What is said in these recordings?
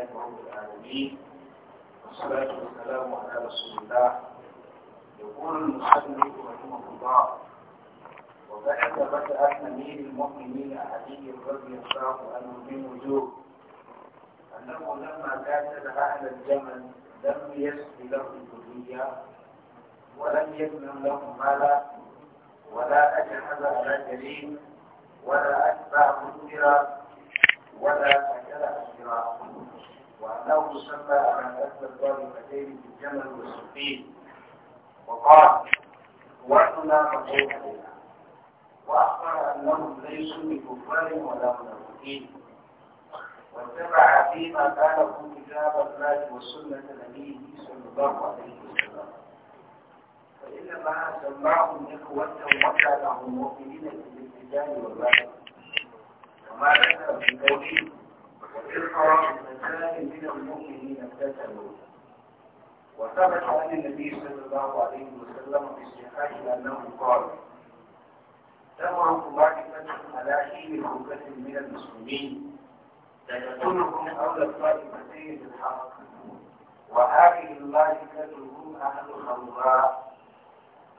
لله رب العالمين والصلاة والسلام على رسول الله يقول المصنف رحمه الله وبعد بدأت أمير المؤمنين علي رضي الله عنه من وجوه أنه لما قاتل أهل الجمل لم يسق لهم الدنيا ولم يمنع لهم مالا ولا أجهز على كريم ولا أتبع منذرا ولا وأنه سمى أن أكل الظالمتين بالجمل والسفين وقال وأننا مقبول علينا وأخبر أنهم ليسوا بكفار ولا منافقين واتبع فيما كان قاله كتاب الله وسنة نبيه صلى الله عليه وسلم فإنما سماهم إخوة وكانهم مؤمنين بالابتداء والبعد كما ذكر في قوله وفرقة اثنتان من المؤمنين اقتتلوا وثبت عن النبي صلى الله عليه وسلم في صحيحه انه قال تمر طائفة على حين خبة من المسلمين تقتلهم أولى الطائفتين بالحق وهذه الطائفة هم أهل الخمراء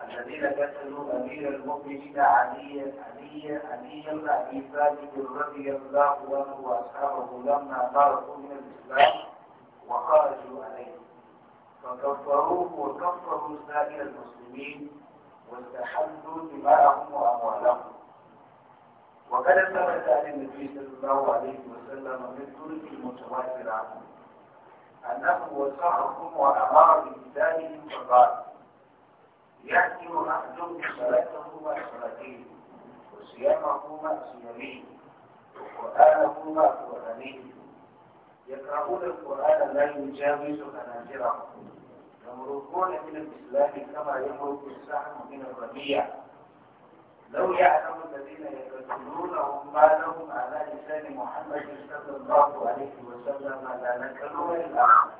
الذين كسروا امير المؤمنين علي علي علي بن ابي رضي الله عنه واصحابه لما خرجوا من الاسلام وخرجوا عليه فكفروه وكفروا سائر المسلمين واستحلوا دماءهم واموالهم وقد ثبت عن النبي صلى الله عليه وسلم من طرق المتواتر عنه انه وصاهم وامر بقتالهم فقال يحكم أحدهم صلاته وصلاتين وصيامه وصيامين وقرآنه وقرآنين يقرؤون القرآن لا يجاوز خنازيرهم يمرقون من الإسلام كما يمرق السهم من الربيع لو يعلم الذين يكتبونهم ما لهم على لسان محمد صلى الله عليه وسلم لا إلى آخره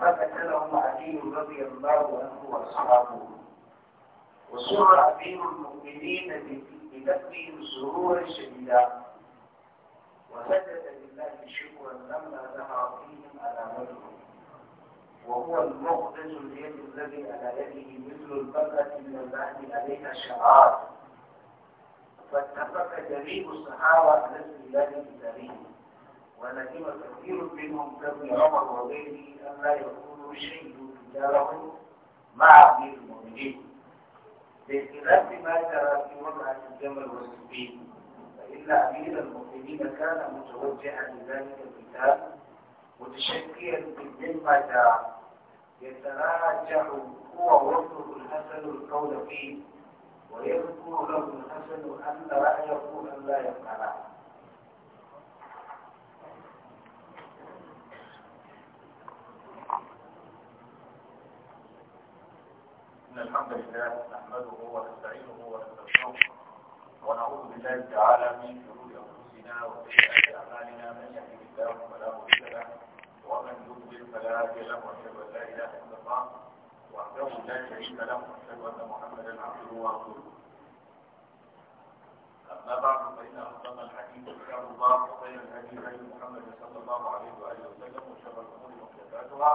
فقتلهم علي رضي الله عنه واصحابه وسر امير المؤمنين بنفي سرورا شديدا وسجد لله شكرا لما ظهر فيهم على وجهه وهو المخرج اليد الذي على يده مثل البقرة من اللحم عليها شعار فاتفق جميع الصحابة على اسم الله الكريم ولكن كثير منهم كابن عمر وغيره أن لا يكونوا شيء تجارهم مع أمير المؤمنين بخلاف ما جرى في وضع الجمل والسبيل فإن أمير المؤمنين كان متوجها لذلك الكتاب متشكيا مما جرى يتراجع هو وابنه الحسن القول فيه ويذكر له الحسن أن رأيه أن لا يفعله نحمده ونستعينه ونستغفره ونعوذ بالله تعالى من شرور انفسنا وسيئات اعمالنا من يهده الله فلا مضل له ومن يضلل فلا هادي له واشهد ان لا اله الا الله وحده لا شريك له واشهد ان محمدا عبده ورسوله اما بعد فان اصدق الحديث كتاب الله وخير الهدي هدي محمد صلى الله عليه واله وسلم وشر الامور محدثاتها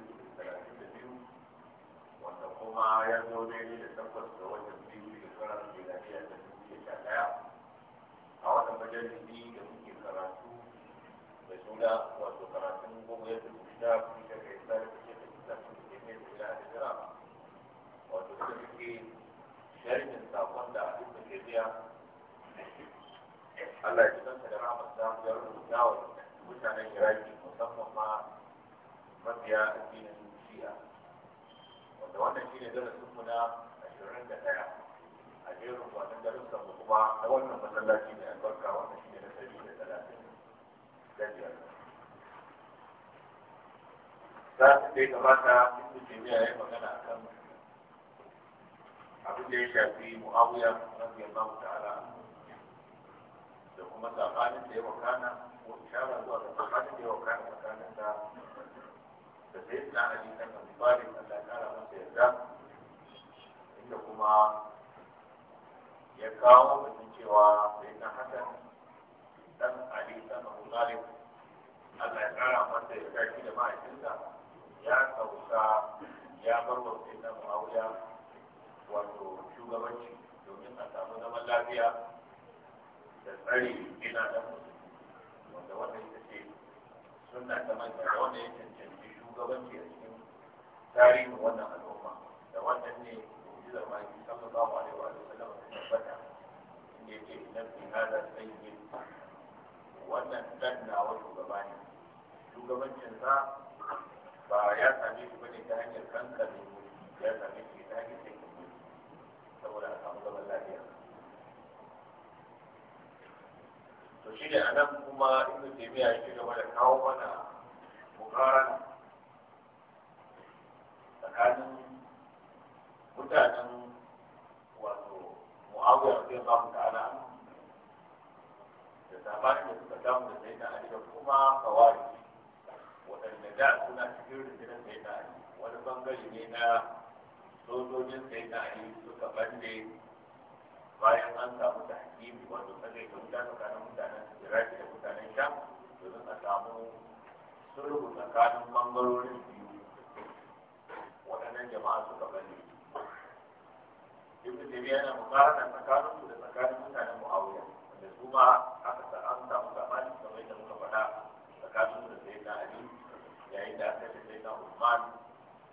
wanda kuma ya zo ne da tabbas da wajen biyu shekarar miladiya da dubu sha ɗaya a watan majalisi da muke karatu da suna wato karatun goma ya dubu sha biyu da kai sa da kake da kisa su da ke da ya da jira wato da suke sharhin sakon da abin da ke biya Allah ya ji kansa da rahmatsa ya rubuta wa mutanen Iraki musamman ma mafiya addinin Shi'a wanda wannan shine darasin mu na 21 a jerin wannan darussan mu kuma na wannan masallaci ne albarka wannan shine na da da 135 za su ya gabata ibnu taymiya ya magana a kan abin da ya shafi muawiya radiyallahu ta'ala da kuma tsakanin da ya wakana ko ishara zuwa da tsakanin da ya wakana tsakanin da da sai na ali kan abu bari ya kara yarda inda kuma ya kawo mutum cewa sai na hasan dan ali dan abu bari Allah ya kara masa da mahaifinsa ya sauka ya bar wa wato shugabanci domin a samu zaman lafiya da tsari ina da wanda wannan ita ce suna ta manta wanda ya cancanci shugabanci a cikin tarihin wannan al'umma da wannan ne mu'jizar mahaifi kama alaihi wa wani ta tabbata inda yake idan fi hada sayyin wannan dan na nawa shugaba ne shugabancinsa ba ya same shi bane ta hanyar kankare ya same shi ta hanyar sayyin saboda a samu zaman lafiya to shi ne a nan kuma ibn taymiya ya ci gaba da kawo mana mukarana tsakanin mutanen wato mu'awiyar bin babu ta'ala da zamanin da suka damu da sai ta'ala da kuma kawai waɗanda da suna cikin rundunar sai ta'ala wani bangare ne na sojojin sai ta'ala suka bande bayan an samu da hakimi wato kaje da wuta tsakanin mutanen iraki da mutanen sham domin a samu sulhu tsakanin bangarorin biyu waɗannan jama'a suka bane ibnu tabiya yana mukarana tsakanin su da tsakanin mutanen muawiya wanda su ma aka sa an samu sabani kamar yadda muka faɗa tsakanin su da sayyidina ali yayin da aka ce sayyidina usman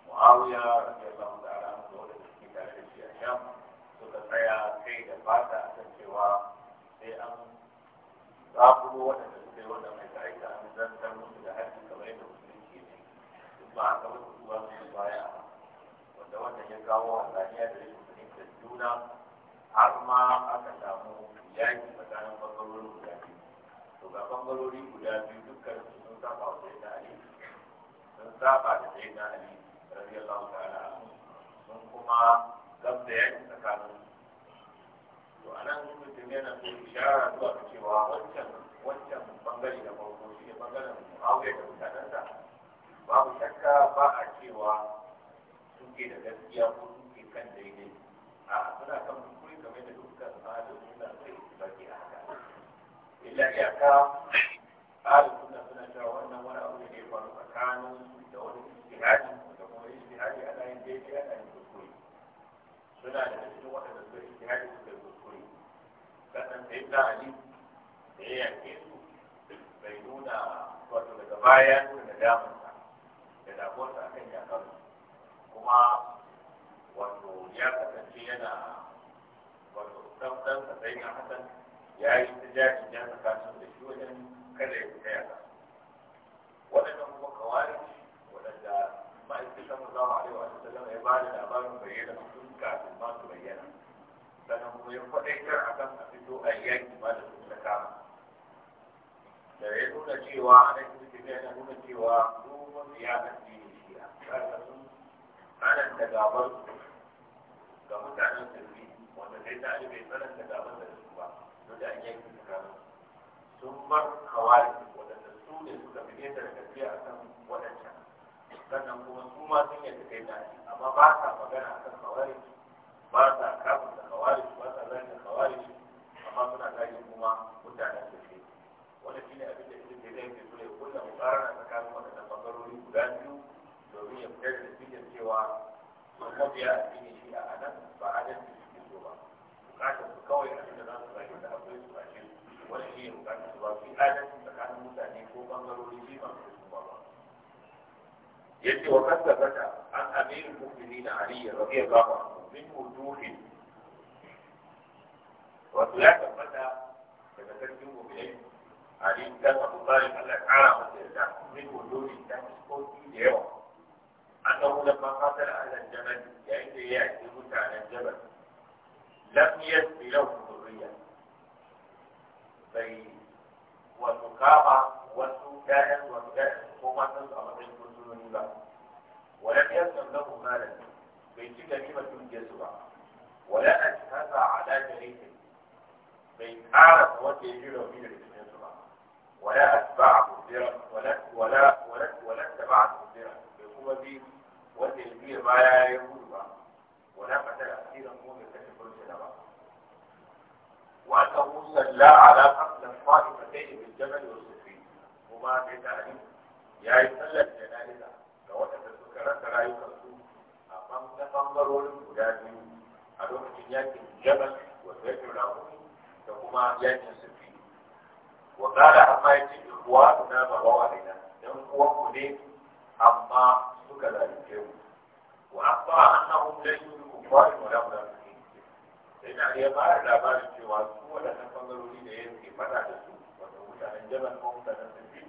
muawiya radiyallahu ta'ala anhu da wanda suke tare da shi a sham suka tsaya kai da fata akan cewa sai an zaɓuro waɗanda suka yi wannan mai aika an zantar musu da haƙƙi kamar yadda musulunci ne ba a kamar su ba su baya a Da wannan ya kawo hatsaniya da rashin fahimtar juna har ma aka samu yaki tsakanin bangarorin guda biyu to ga bangarori guda biyu dukkan su sun saba wa sai na ali sun saba da sai na ali radiyallahu ta'ala sun kuma gabda yaki tsakanin to anan ibn mutum yana so ishara zuwa ga cewa wancan wancan bangare da farko shi ne bangaren muawiya da mutanensa babu shakka ba a cewa suke da gaskiya ko suke kan daidai a suna kan kuskure kamar da dukkan tsarin suna sai baki a haka illa iyaka tsarin suna suna cewa wannan wani abu ne faru tsakanin da wani istihadi da kuma istihadi ana yin daidai ana yin kuskure suna da cikin waɗanda suka istihadi suka yi kuskure sannan sai ta ali da ya yanke su bai nuna wato daga baya nuna damunsa da damuwarsa akan yakarsu kuma wato ya kasance yana wato tsaftan da sai na hasan ya yi ta jari ya saka su da shi wajen kada ya fita ya waɗannan kuma kawari waɗanda ma'aikin sama za mu alaiwa da sallama ya ba da labarin bayyana sun kafin ma su bayyana sannan kuma ya faɗaitar a kan a fito a yaki ma da sun kama da ya nuna cewa a nan cikin ya nuna cewa duk wanda ya kasance ne shi a ƙarƙashin tsananta gaban ga mutanen turbi wanda sai ta ali bai da gaban da su ba to da an yanki tsakanin sun bar kawai waɗanda su ne suka fi nesa da tafiya a kan waɗancan sannan kuma su ma sun yadda kai da amma ba sa magana a kan kawai ba sa kafin da kawai ba sa zanga kawai amma suna zagin kuma mutanen turbi wanda shi ne abin da ibn jarir ke so ya kulla mukarana tsakanin waɗannan bangarori guda biyu wani ya fitar da cikin cewa sun mabiya addini shi a nan ba adalci suke so ba bukatar su kawai abin da za su rayu da akwai su kashe wani shi ya bukatar su ba su adalci tsakanin mutane ko bangarori shi ba su su ba yace wa kasabata an amirul mu'minin ali radiyallahu anhu min wuduhin wato ya tabbata daga sarkin mu'minin ali dan abu talib Allah ya kara masa yarda min wuduhin dan kofi da yawa أنه لما قاتل أهل الجبل يعني يأتي يعني يأتي على الجبل لم يسبي له ذرية في وتكاما وسكاء وكاء وما تنصب من كل ولم يسلم له مالا بيت كلمة يسوع ولا أجهز على جريح بيت أعرف وجه من يسوع ولا أتبعه درا ولا ولا ولا ولا اتبعته درا بقوة wanda ya biya baya ya yi gudu ba wala fata da asirin mu bai kashe kurce da ba wa ta musalla ala kai fa'ifatayni bil da wa sufi kuma da tare ya yi sallar jana'iza ga waɗanda suka rasa rayukansu a bangarorin guda biyu a lokacin yakin jabal wa zaitun rahuni da kuma yakin sufi wa qala amma yace ruwa na babawa ne alaina dan uwan ku ne amma suka zalunce mu wa akwa annahum laysu bi kuffari wa la munafiqin sai na ya ba da labarin cewa su waɗannan bangarori da yake fada da su wato mutanen jaman ko mutanen sirri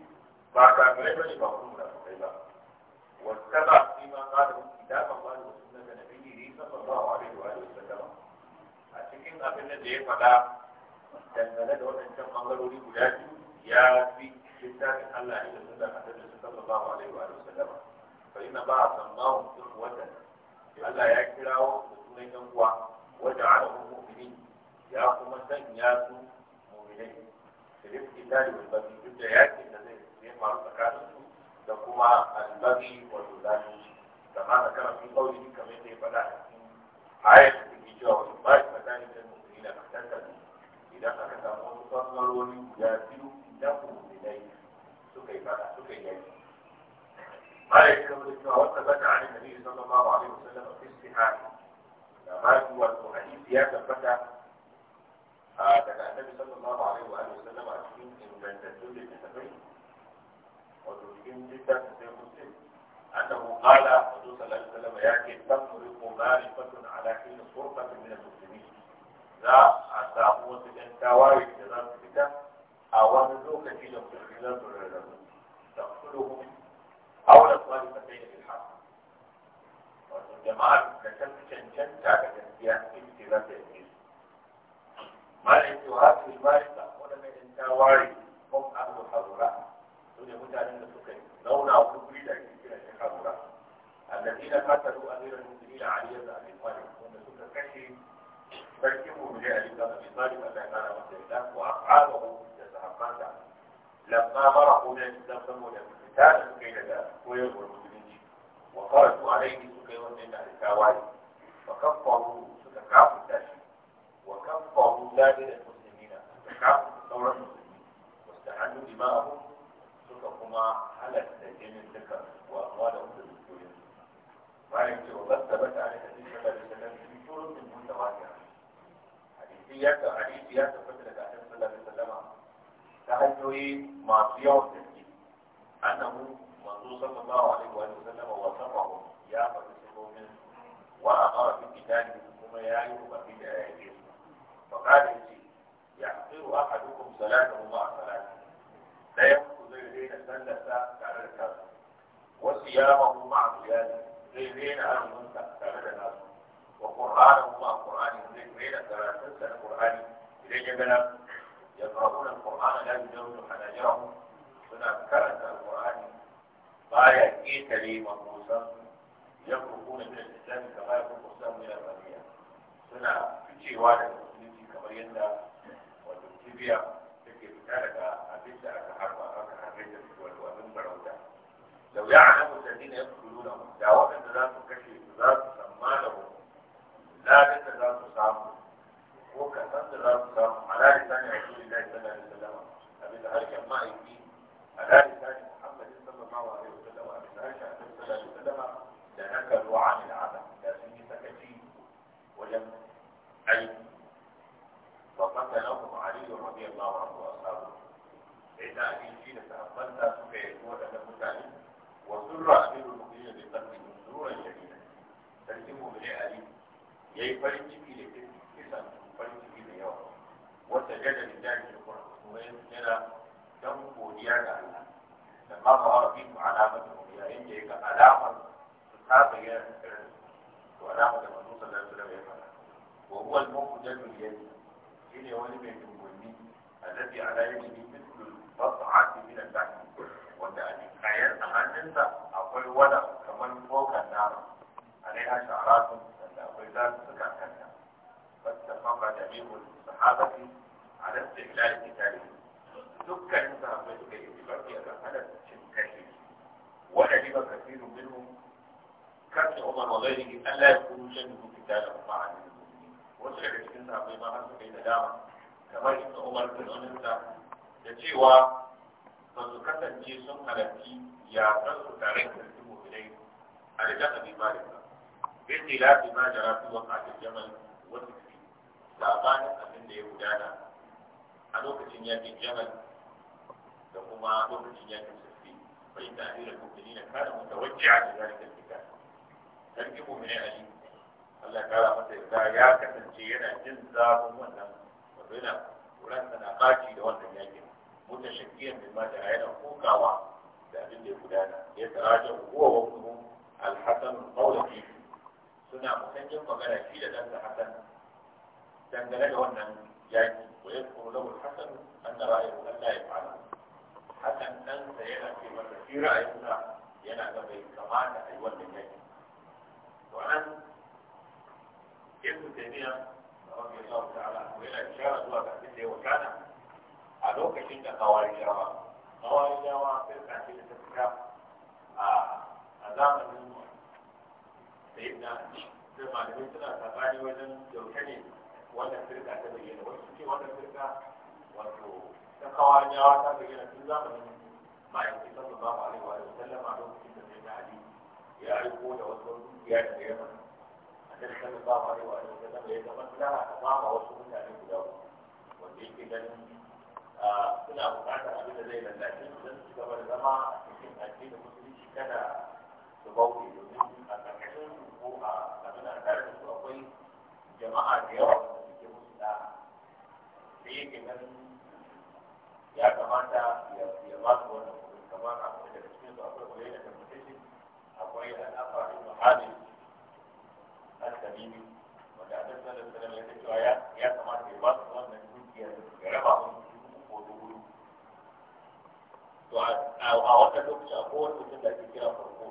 ba ka gare ba ne ba kuma da kai ba wattaba fi ma qala kitaba Allah wa sunnata nabiyyi sallallahu alaihi wa alihi wasallam a cikin abin da ya fada dangane da waɗancan bangarori guda biyu ya fi littafin Allah ne da sunnata Annabi sallallahu alaihi wa alihi wasallam fa inna ba sammahum ikhwatan Allah ya kirawo da sunan yan wata wa ja'alahum mu'minin ya kuma sanya su mu da rifki tali wal babi duk da yakin da zai zai faru tsakanin su da kuma al-babi wa zalunci kama da kana sun kauli kamar yadda ya da ta da aka samu wasu biyu da mu'minai suka yaki قال ابن مسعود وثبت عن النبي صلى الله عليه وسلم في الصحاح ما هو حديث يا ثبت daga annabi sallallahu alaihi wa sallam a cikin ingantattun littattafai wato cikin littafin sai muslim annahu qala wato sallallahu alaihi wa sallam ya ce tamriqu ma'rifatun ala kulli furqatin min al-muslimin za a samu wasu ɗan tawaye da za su fita a wani lokaci da musulmi za su rarrabu da kullum da ta fi cancanta da gaskiya in ce za ta yi su. Malin to hafi marika waɗanda in ta ware kun abu harura su ne mutanen da suka yi zauna wani guri da ake kira shi harura. Allazina fataru amiran musulmi a aliyar da abin wani wanda suka kashe sarkin mummuni a lika da bin malik Allah ya kara masa yadda ko a ƙara da sahabbansa. Lamma mara kuma ya ci zan saboda fita da suka yi daga koyarwar musulunci. وخرجوا عليه yana da tawaye fa kaffaru suka kafuta shi wa kaffaru ladin muslimina suka kafuta sauran musulmi wastahannu dima'ahum suka kuma halatta jinin duka wa amwalahum da dukiyoyin bayan cewa basta bata ne da cikin sallallahu alaihi wasallam fi turun mutawatira hadisi ya ta hadisi ya tabbata daga annabi sallallahu alaihi wasallam ta hanyoyi masu yawan gaske annahu manzo sallallahu alaihi wa sallam wasafahu ya faɗi وأمر بقتاله كما يعي وبقي يعيه فقال يجي يحقر أحدكم صلاته مع صلاته لا يمكن زي لينا سلسة كعركة وصيامه مع صيامه زي لينا أرمنك كعركة وقرآنه مع قرآنه زي لينا ثلاثة القرآن إليه بلغ يقرؤون القرآن لا يجوز حناجرهم suna karanta alƙur'ani baya ƙetare makosan يخرجون من الإسلام كما يخرج الإسلام من الغنية suna ficewa daga musulunci kamar yadda wato kibiya take fita daga abin da aka harba aka harbe da لو يعلم الذين يقتلونهم دعوة ذات كشف ذات سمانهم لا ليس لا سامه وكسند ذات سامه على لسان رسول الله صلى الله عليه وسلم أبي ذلك ما يبين على لسان محمد صلى الله عليه وسلم علي فقتلهم علي رضي الله عنه واصحابه سيدنا علي شين تقبلت سكي وأنا متعلي وسر أمير المؤمنين بقتله سرورا شديدا ترجمه من علي يي farin ciki da kisan farin ciki da yawa wata jada da jari da kuma yana dan godiya ga Allah da ma ba wa bi alamatu yayin da yake alamar ta bayyana to da وهو المقدم اليدي إلى ولم يكن الذي على يده مثل القطعة من البحر وتأتي الحياه مع الجنس أقول ولا كمن فوق النار عليها شعرات مثل أقول بس سكا فاستقام جميع الصحابة على استهلال كتابه دكا ذهب لك يجبر في الرحلة من كثير وأجب كثير منهم كتب عمر وغيره ألا يكونوا شنه كتابه مع الجنس wasu daga cikin sahabbai ma har suka yi dama. kamar ibn Umar bin Unaisa da cewa ba su kasance sun halarci san su tare da sarki mu'minai a da jaka bi bari ba bin lafi ma jara fi waka da jamal wasu fi labarin abin da ya gudana a lokacin yakin jamal da kuma lokacin yakin sarki bai da hira mu'minai na kana mutawajji'a da zalika sarki a yi? Allah kara masa yadda ya kasance yana jin zafin wannan wato yana ransa na baki da wannan yakin mutan shakiyan bin mata yana kokawa da abin da ya gudana ya tarajen huwa wa kuma alhassan maulaki suna musanyen magana shi da ɗansa hassan dangane da wannan yaki wa ya kuma lahu hassan an da ra'ayin Allah ya fara hassan ɗansa yana ce masa shi ra'ayinsa yana ga bai kamata a yi wannan yaki to an ibn taymiya radiyallahu ta'ala ko yana ishara zuwa ga abin da ya wakana a lokacin da kawari jawa kawari jawa sai ka ce ta tafiya a zamanin sayyidina ali sai malamai suna tsakani wajen yaushe ne wannan firka ta bayyana wasu ce wannan firka wato ta kawaniyawa ta bayyana tun zamanin ma'aikatan sallallahu alaihi wa sallam a lokacin da sai na ali ya aiko da wasu dukiya ya yamma annabi sallallahu alaihi wa sallam ya ga maslaha ta ba wasu mutane guda wanda yake ganin suna buƙatar abin da zai lallace su don su gaba da zama a cikin aji da musulunci kada su bauɗe domin a ƙarƙashin su ko a abin da tare da su akwai jama'a da yawa da suke musu da sai yake ganin ya kamata ya ba su wannan kuɗin kamar akwai daga cikin su akwai kuɗi da tabbatashin akwai al'afa da muhalin hadisi wanda a tattalin da sanar ya cewa ya kamata ya ba su wannan dukiyar ya raba musu ko dubu to a wannan lokaci a kowane mutum da ake kira farko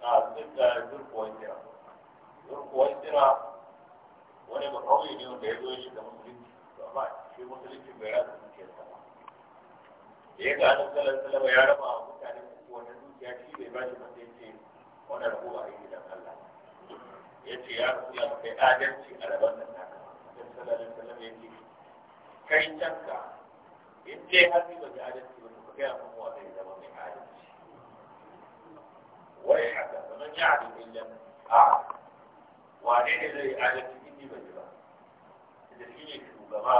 a duk da zurkuwar jira zurkuwar jira wani ba kawai ne wanda ya zo shi da musulunci amma shi musulunci bai rasa dukiyarsa ba da ya ga annabi sallallahu alaihi wasallam ya raba mutane uku wannan dukiya shi bai ba shi ba sai ce wannan rabuwa a gidan Allah ya ce ya kuya kai adalci a rabon nan naka sun salalin salam ya ce kai canka in dai har ni ba ga adalci ba ka gaya mun wa zai zama mai adalci wai haka kamar ya adalci illan a wane ne zai adalci in ni ba ji ba da shi ne shugaba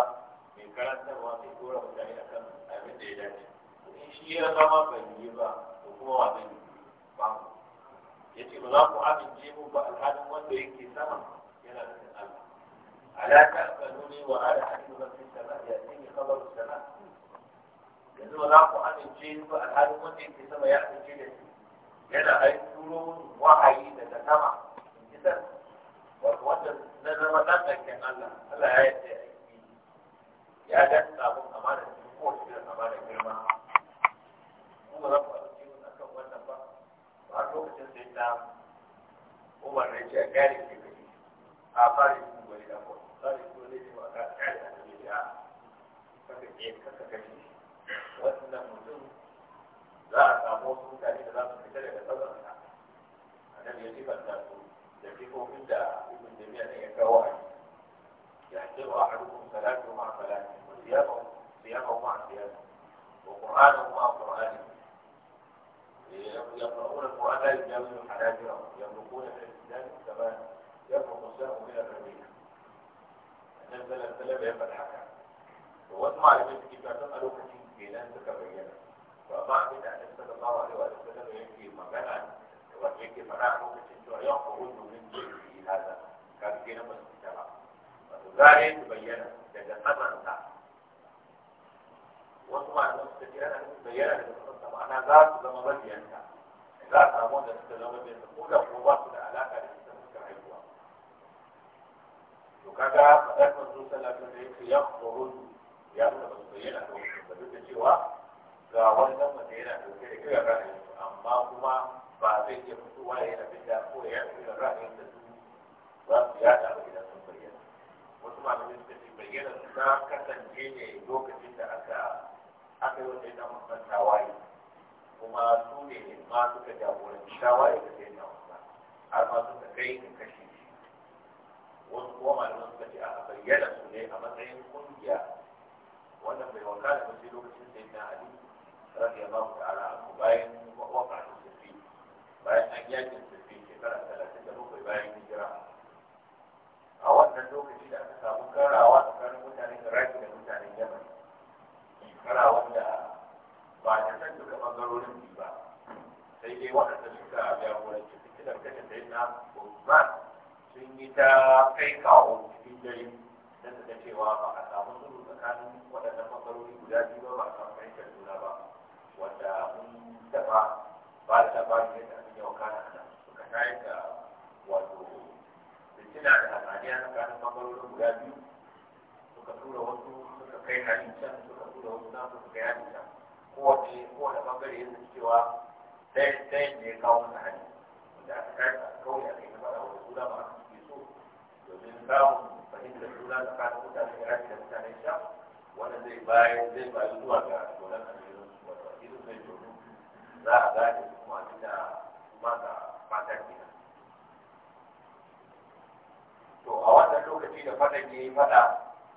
mai karantarwa mai tura mutane a kan abin da ya dace in shi ya zama bai yi ba to kuma wa zai yi ba ya ce ba za ku amince mu ba alhalin wanda yake sama yana da Allah ala ta kanuni wa ala hadithu rasul sallallahu alaihi wasallam ya khabaru sana yanzu ba za ku amince mu ba alhalin wanda yake sama ya amince da shi yana a yi turo wahayi daga sama kisan wato wanda na zama ɗan dakin Allah Allah ya yarda ya ga sabon amana ko shi da amana girma kuma za ku a lokacin sai ta umar ne ce a gane ke gari. a fari sun wani da kwa fari su wani ne ba ka tsari a cikin ya kaka ke kaka kashi wannan mutum za a samu wasu mutane da za su fita daga tsazarsa a nan ya jifanta su da jifofin da ibn jami'a ne ya kawo a ya ce wa a rukun salatu ma salatu siyasa siyasa ma siyasa wa qur'anu ma qur'ani يقرؤون القرآن لا يجاملون حناجرهم يملكون في الإسلام كما يفرق السهم من الرمية نزل صلى الله عليه وسلم يفعل حكا واسمع لبنت كيف تسألوا كثير بينان تكبينا فأضع من أن صلى الله عليه وسلم يكفي مكانا ويكفي فراحه كثير ويخرج من في هذا كان في كنا مستجابا وذلك تبين تجسما واسمع لبنت كيف تبين ma'ana za su zama mabiyanta za a samu wanda suka zama mabiyanta ko da kuma ba su da alaka da ita suka haihuwa to kaga faɗar manzo sallallahu alaihi wasallam ya khurun ya nuna ba su bayyana da wasu ba duk da cewa ga wannan wanda yana dauke da kiran ra'ayin amma kuma ba zai iya fitowa ya yi abin da ko ya yi kiran ra'ayin da su za su yada ba idan sun bayyana wasu malamai suka ce bayyana su ta kasance ne lokacin da aka aka yi wata ita musantawa waye. kuma su ne ma suka jagoranci shawarar da sai na wasa har ma suka kai ka kashe shi wasu kuma malaman suka ce a bayyana su ne a matsayin kungiya wannan bai wanka da mace lokacin sai na ali rabi Allah ta'ala anhu bayan waka da sufi bayan an yakin sufi shekara talatin da bakwai bayan hijira a wannan lokaci da aka samu karawa tsakanin mutanen Iraki da mutanen Yaman karawa da ba ta san duka bangarorin biyu ba sai dai waɗanda suka jagoranci fitilar kashe sai na Usman sun yi ta kai kawo cikin dare don ta ga cewa ba a samu sulhu tsakanin waɗannan bangarori guda biyu ba ba a samu fahimtar juna ba wanda mun taɓa ba da labarin yadda abin yau kana nan suka tayar da wato fitina da hatsaniya tsakanin bangarorin guda biyu suka tura wasu suka kai hajji can suka tura wasu na suka kai hajji can kowace kowane bangare yanzu cewa ɗaya ne ya kawo masa hali da aka karka kawai a kai na fara wani suna ba su ke so domin samun fahimtar suna tsakanin mutane ya rafi da mutane sha wanda zai bayar zai bayar zuwa ga dolan aljirin su wata irin zai domin za a gane kuma a cika kuma ga ke nan. to a wannan lokaci da fata ke yi fata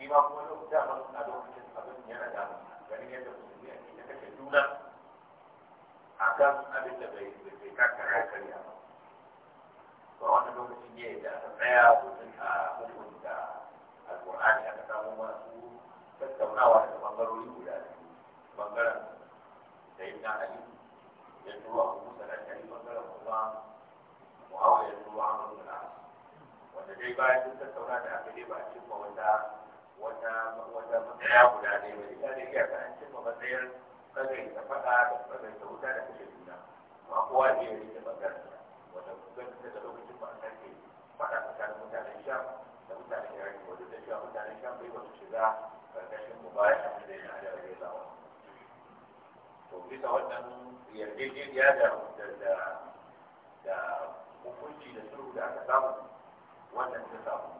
shi ma kuma lokuta ba a lokacin abin yana da ganin yadda musulmi a ke kashe juna a kan abin da bai bai kakkara ya karya ba to a wannan lokacin ne da aka tsaya domin a hukunta alƙur'ani aka samu masu tattaunawa da bangarori guda biyu bangaren da yin na ali ya turo abu musa da shari bangaren kuma muhawar ya turo amur da wanda dai bayan sun tattauna da aka dai ba a cikin wata wata wata matsaya guda ne mai ta da iya kan cin matsayin kashe ta faɗa da kashe ta wuta da kashe juna ma kowa ne ya rike bangaren wata gwamnati da lokacin ba a sake faɗa tsakanin mutanen sham da mutanen iraki wanda da cewa mutanen sham bai wasu shiga karkashin mu ba ya da yana da rage zawa to bisa wannan yarjejeniya da da da hukunci da sulhu da aka samu wannan ta samu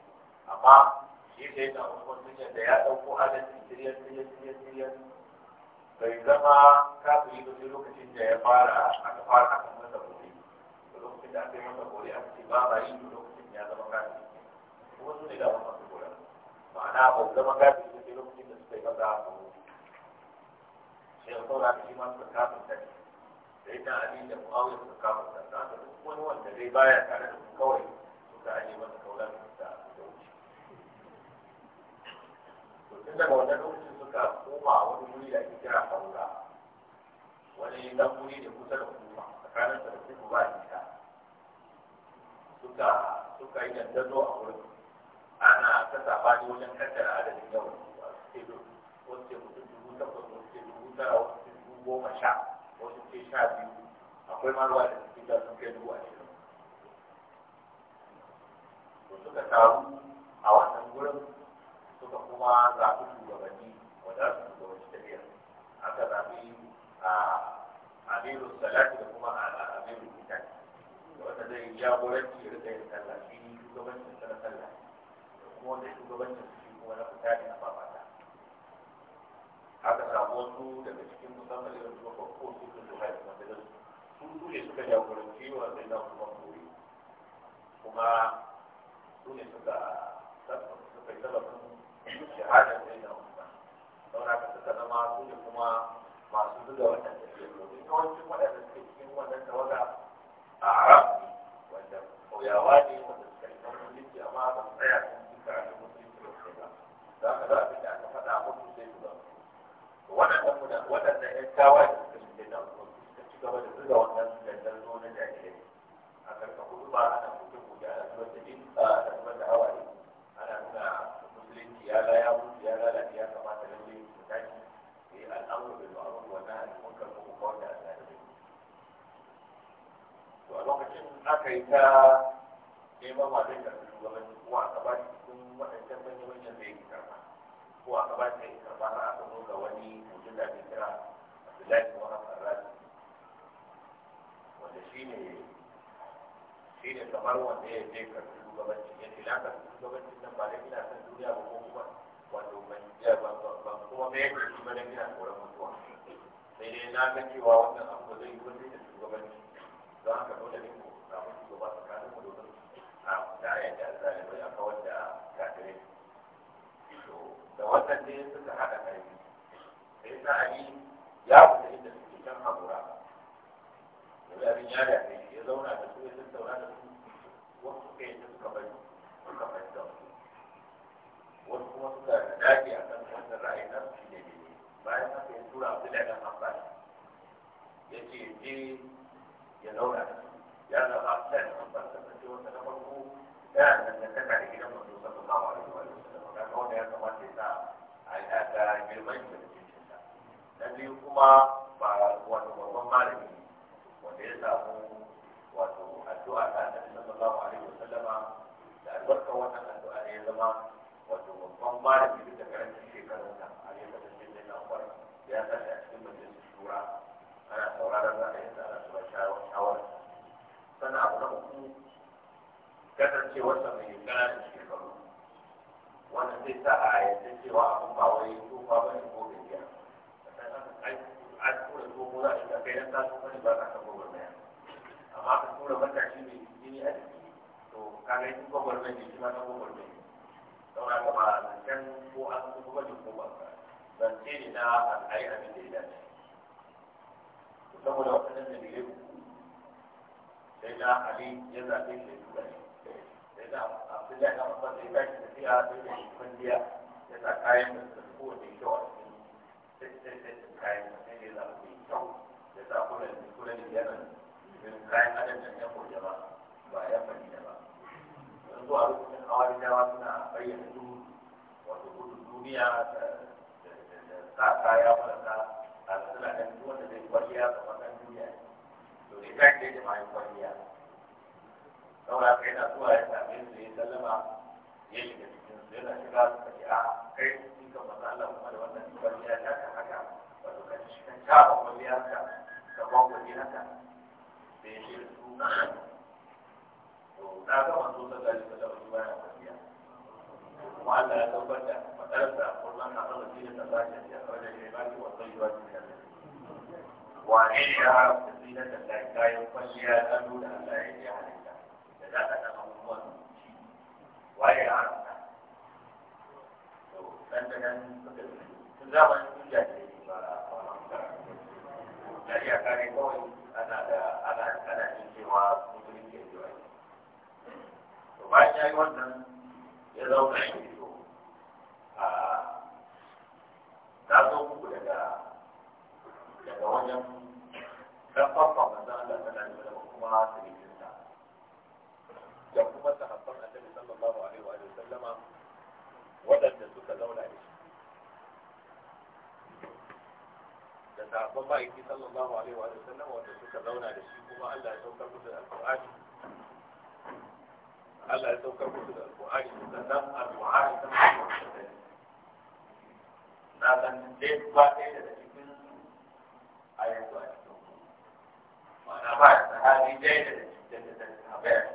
amma shi da yana sun da ya ɗauko adadin siriyar siriyar siriyar siriyar bai zama kafin ba lokacin da ya fara aka fara aka masa da lokacin da aka yi masa kore aka ce ba ba yi lokacin ya zama kafiri kuma su ne da wani masu kore ma'ana ba zama kafin ba lokacin da suka yi masa kore sai ya saura shi ma suka kafin ta sai ta abin da mu'awiyar suka ta ta wani wanda dai baya tare da su kawai suka aje masa kaular da tun daga wannan lokacin suka koma wani wuri da ake kira kaura wani dan wuri da kusa da kuma tsakanin da su ba ita suka suka yi dandazo a wurin ana ta sabani wajen kaddara adadin yawan su wasu ce mutum dubu takwas wasu ce dubu tara wasu ce dubu goma sha wasu ce sha biyu akwai ma da suke da sun kai dubu ashirin suka taru a wannan wurin suka kuma zaɓi shugabanni wadda su wani tafiya aka zaɓi amiru Salatu da kuma a amiru kitani wanda zai jagoranci ya rika yin sallah shi shugabancin sana na sallah da kuma wanda shugabancin su shi kuma na fita ne na fafata aka samu wasu daga cikin musamman irin su bakwa ko su sun zuwa su wanda su su ne suka jagoranci wanda na kuma kuma su ne suka sabbin shahadar da yana wuta saboda ka suka zama su ne kuma masu buga wannan tafiya domin yawancin waɗanda suke cikin wannan tawaga a arab wanda koyawa ne wanda suka yi kan mulki amma ba su tsaya sun fi karatun musulunci da su ba za ka za abin da aka faɗa mutu sai su zama waɗannan muna waɗannan ƴan tawaye da suka shige nan suka ci gaba da zuga wannan dandan na jahilai a karkar hudu ba ana mutum guda a zubar da jin a zubar da hawaye ya ga ya mutu ya da ya kamata lalle mu tashi da yi al'amuru bil ma'ruf wa nahy anil munkar ko mu da al'adari to a lokacin aka yi ta neman wajen da shugabanci ko aka ba shi cikin waɗancan banyamancan da yake karɓa ko aka ba shi da yake aka zo ga wani mutum da ake kira Abdullahi Muhammad Arrazi wanda shi ne shi ne kamar wanda ya je karɓi shugabancin yan filata shugabancin nan ba da gina san duniya ba ko kuma wato ban iya eh, kuma mai yadda shi ba da gina tsoron mutuwa sai dai na ga cewa wannan abu ba zai yi wani da shugabanci don haka dole ne mu samu shugaba tsakanin mu domin a da yadda zalibai a kawar da kafirai da wannan ne suka haɗa ƙarfi sai na ali ya fita inda suke kan haƙura da abin ya dace ya zauna da su ya tattauna da su wasu suka yi suka bari suka bari da su wasu kuma suka dage a kan wannan ra'ayi na su ne ne bayan haka ya tura ya ce je ya ya zama na farko gidan manzo wanda ya kamata ya sa a ga girman da cikin na biyu kuma ba wani babban malami zama wato babban da da karancin shekarunsa a ne ya sa a cikin majalisar shura ana sauraron sannan abu na uku kasancewarsa mai gana da shekaru Wannan zai sa a yadda cewa abin ba wai ba ne ko gajiya tura za a kai na tasu ba ne ba ka amma ka tura matashi mai jini a jiki to yi ne shi ma ta gwargwar saboda haka ba zancen ko an kuma ko ba zance ne na al'ayi abin da ya dace saboda sai ali ya shi da sai na abdullahi da sai da ya sa kayan da kyau a cikin sai sai sai kayan da da ya kyau ya sa kula da kula da kayan ya ba ya ba su zuwa lokacin hawari dawa suna bayyana su wato gudun duniya da sa kaya marasa a suna ɗan duk wanda zai kwalliya kamar ɗan duniya to ne ta ke da mayan kwalliya saboda ka yana zuwa ya same su ya sallama ya shiga cikin su yana shiga su kace a ah, kai in ka masa Allah kuma da wannan kwalliya ta ka haka wato ka ci kan ta kwalliya ka ka ba ka sai shi da su na ga manzo sallallahu alaihi wasallam baya tafiya kuma Allah ya tabbata matarsa kullum na fara cikin da zaki ya fara da ibadi wa tayyibat min Allah wa inna zina da Allah kayan kwalliya da nuna Allah ya yi halitta da za ka taɓa mutuwan waye ya halitta to dan da nan suka tun zamanin duniya ce ba ba da iya kare kawai ana da ana ana cewa bayan ya yi wannan ya zauna ya fito a ah, ta zo muku daga daga wajen dan fafa manzan Allah ta da da kuma sirrinta da kuma sahabban Annabi sallallahu alaihi wa sallama waɗanda suka zauna da shi da sahabban ma'aiki sallallahu alaihi wa sallama waɗanda suka zauna da shi kuma Allah ya saukar musu da alƙur'ani Allah ya saukar musu da alƙur'ani sannan alƙur'ani ta na san dai ba ɗaya daga cikin a yanzu a cikin ma'ana ba ta hali ɗaya daga cikin da ta haɓaya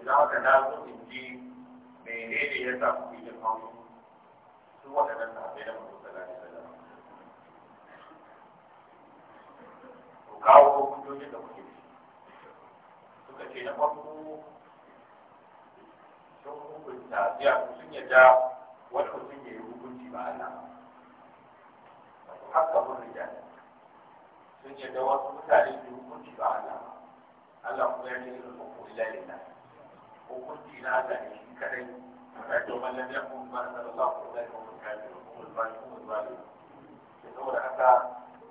Ina haka na so in ji menene ya sa kuke jin haushi su waɗannan sahabbai na mutum sallallahu alaihi wasallam kawo hujjojin da kuke suka ce na farko sun hukunta biya sun yadda wani mutum ya yi hukunci ba Allah wato haka mun rija sun yadda wasu mutane su hukunci ba Allah Allah kuma ya ce irin hukun ilalin hukunci na Allah ne shi kadai ta ce wani lafiya ku ba na sallallahu wa sallam ko ba shi hukumul ba ne saboda haka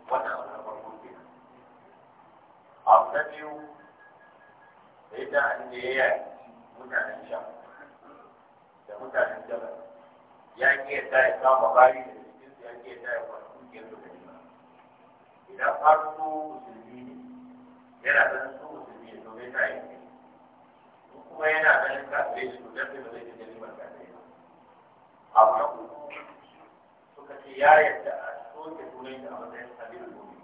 wannan abu na farko kenan abu na biyu sai da an da ya yaki mutanen sham da mutanen jabal ya ke yadda ya kama bari da cikin su ya ke yadda ya kwana kungiyar su da nima idan farko musulmi ne yana ganin su musulmi ne domin ta yi ne kuma yana ganin kafirai su da ba zai ji da limar kafirai ba abu na uku suka ce ya yadda a soke sunan shi a matsayin sabirin gobe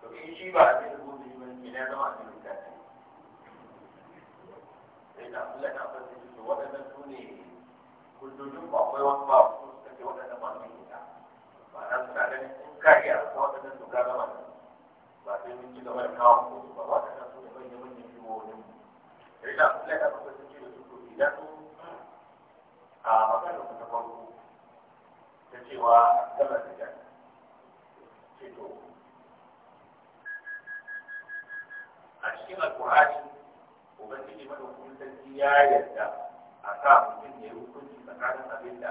to in shi ba a cikin gobe ba ne na zama a cikin kafirai sai na Allah na fasa shi to waɗannan su ne kullum ba akwai wasu ba su suka ce ba su ba na suna da in kariya ko rasa waɗannan to ka ba sai mun ci gaba da kawo ko ba waɗannan su ne manyan manyan shigowonin mu sai na Allah na fasa da su idan a maganar ta farko ta cewa gama da jami'a ce to a cikin alkur'ani ubangiji madaukakin sarki ya yarda a sa mutum ya yi hukunci tsakanin abin da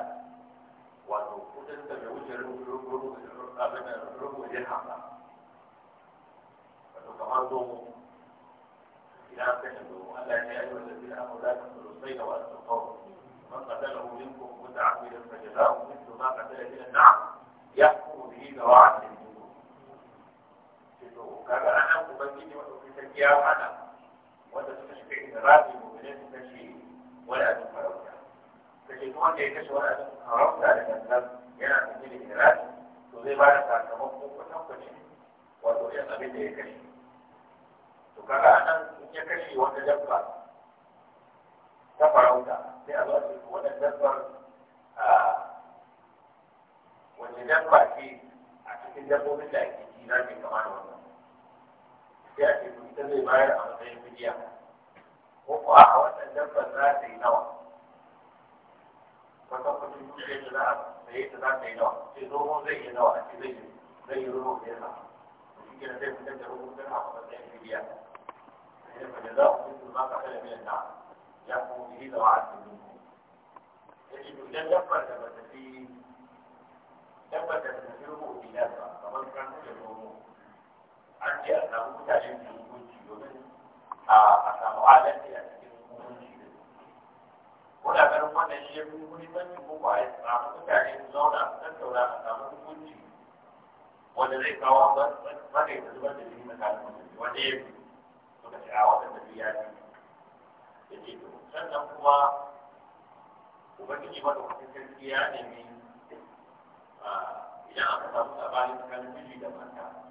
wato kudin da bai wuce abin da rubu jiha ba wato kamar zomo idan kashe zomo Allah ya ce ya yi wa zafi da amma za ka tsoro sai da wasu kawo من قتله منكم متعمدا فجزاؤه مثل ما قتل من النعم يحكم به ذو عدل منكم. كذا انا ابنجي وفي تكيا انا wanda suka shiga inda rafi mummune suka kashe wani abin farauta kashe duk da ya kashe wani abin farauta da gangan yana sanye da iraki to zai ba da sakamako kwatankwacin wato yan abin da ya kashe to kaga a nan in ya kashe wata dabba ta farauta sai a zuwa cikin wannan dabbar a wani dabba ce a cikin dabbobin da ake ci za ta kama da wannan ya ce ku ita zai bayar a matsayin miliya ko ko a wannan dabbar za ta yi nawa wata kudin dutse da za a saye ta za ta yi nawa sai zomo zai yi nawa a cikin zai yi zai yi rubo da yasa shi ke zai fitar da rubo da a matsayin miliya sai da fada za a kudu ma ka kada miliyan na ya kuma yi zama a cikin ku ya ce duk dabbar da ba ta fi dabbar da ta fi rubo da yasa kamar kan da zomo an ce a samu mutane da hukunci domin a samu adalci a cikin hukunci da ko da ganin wannan shi ya fi muhimmanci ko ba a samu mutane su zauna su tattauna a samu hukunci wanda zai kawo bane da zubar da jini tsakanin mutane wanda ya fi suka ce a waɗanda biyu ya fi ya ce sannan kuma ubangiji madaukakin sarki ya nemi idan aka samu tsakanin tsakanin miji da mata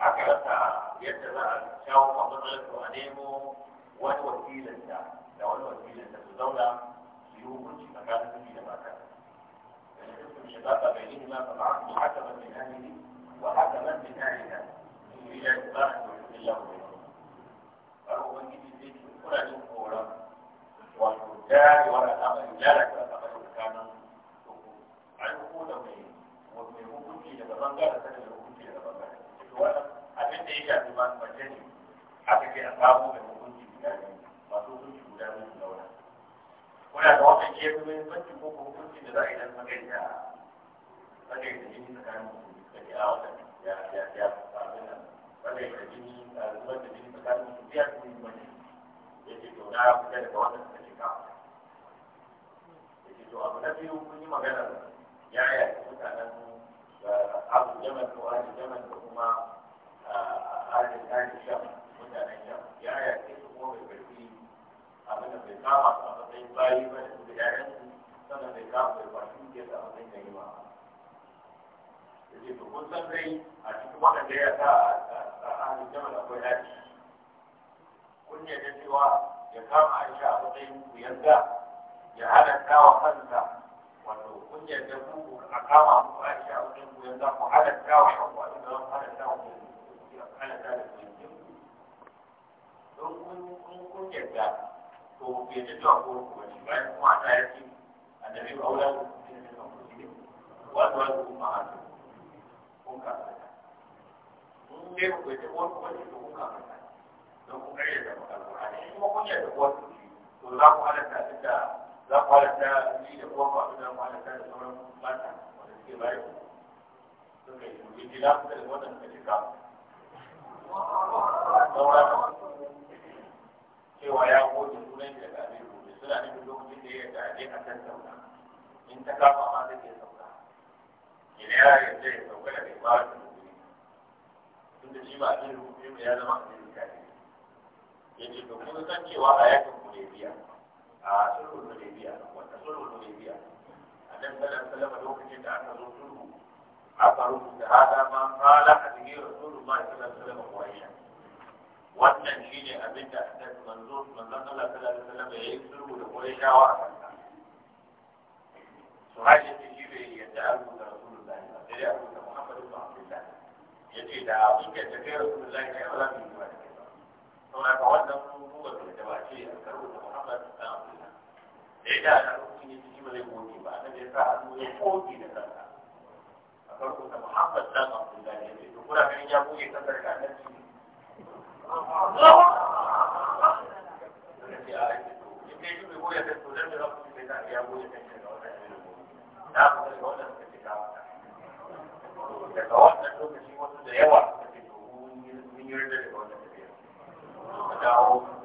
aka يتبع yadda za a shawo a لو a nemo wani wakilinta da wani wakilinta su zauna su yi hukunci tsakanin miji da mata شقاق بينهما فبعض حكما من اهله وحكما من اهلها الى اصلاح وحكم الله بينهما فهو من جد البيت كل يوم فورا والتجار والامل جالك فقد كان عن قوله ومن حكمه لتبنى لتبنى حكمه لتبنى wannan abin da ya shafi ma mace ne aka ce a samu mai hukunci guda biyu masu hukunci guda biyu su zauna kuna da wannan ke fi muhimmanci ko ko hukunci da za a yi dan magani da magani da jini tsakanin mutum da ke a wannan ya ya ya abin nan magani da jini a zubar da jini tsakanin mutum ya fi muhimmanci ya ce to na fita daga wannan suka ce kawo ya ce to abu na biyu kun yi magana yaya أهل اليمن وأهل اليمن وهما أهل أهل الشام mutanen yam ya yaƙe su kuma bai karfi abin da bai kama su a matsayin bayi ba da su da ƴaƴan su sannan bai kama bai ba su ke sa matsayin gari ba da ce to kun san dai a cikin waɗanda ya sa a ahalin jamal akwai yaƙi kun yarda cewa ya kama aisha a matsayin ku yanga ya halatta wa kansa wato kun yarda a kama muku a shi a wajen goyon za ku halatta wa kanku a cikin zan halatta wa kanku halatta da kanku don kun kun yarda to ku yarda cewa ko ku wani bayan kuma ta ya ce annabi ba wula ku cikin da kanku cikin wato wato kun ma hatu kun ka halatta kun dai ku yarda wani kuma ce to ka halatta don kun yarda da alƙur'ani kuma kun yarda wasu to za ku halatta duk da za ku halatta da kuma da halatta da sauran mata wanda suke su yi da wannan suka sauran cewa ya sunan daga abin suna nufin lokacin da ya a a ta kama ma ke sauka ina ya sauka daga da shi ba abin mai ya zama abin ya ce san cewa a yakin ku ne biya a sulhul hudaybiya wata sulhul hudaybiya annabi sallallahu alaihi wasallam lokacin da aka zo sulhu aka rubuta hada ma qala hadiyi rasulullahi sallallahu alaihi wasallam quraisha wannan shine abin da annabi manzo manzon Allah sallallahu alaihi wasallam ya yi sulhu da quraishawa a kansa su haje ce shi bai yadda a rubuta rasulullahi ba sai dai a rubuta muhammadu ba abdullahi yace da abin da ya tafi rasulullahi ne ba za mu yi ba saboda ka wannan rubuwar da ba ce a karuta muhammad dan abdullah da ya da na rubutun ya ciki ba zai goge ba annabi ya sa hannu ya goge da kansa a karuta muhammad dan abdullah ya ce to kuna ganin ya goge kasar da annabi daga wannan lokaci wasu da yawa suka ce to mun yi da wannan dawo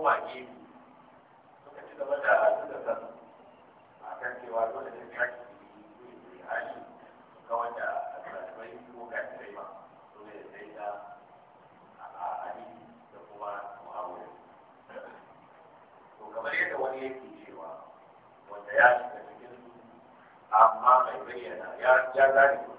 koma gefe suka ci gaba da suka san a kan cewa dole ne ta ki yi hali ga wanda almajirai ko kafirai ma dole ne sai a ali da kuma muhawiya to kamar yadda wani yake cewa wanda ya shiga cikin amma mai bayyana ya gane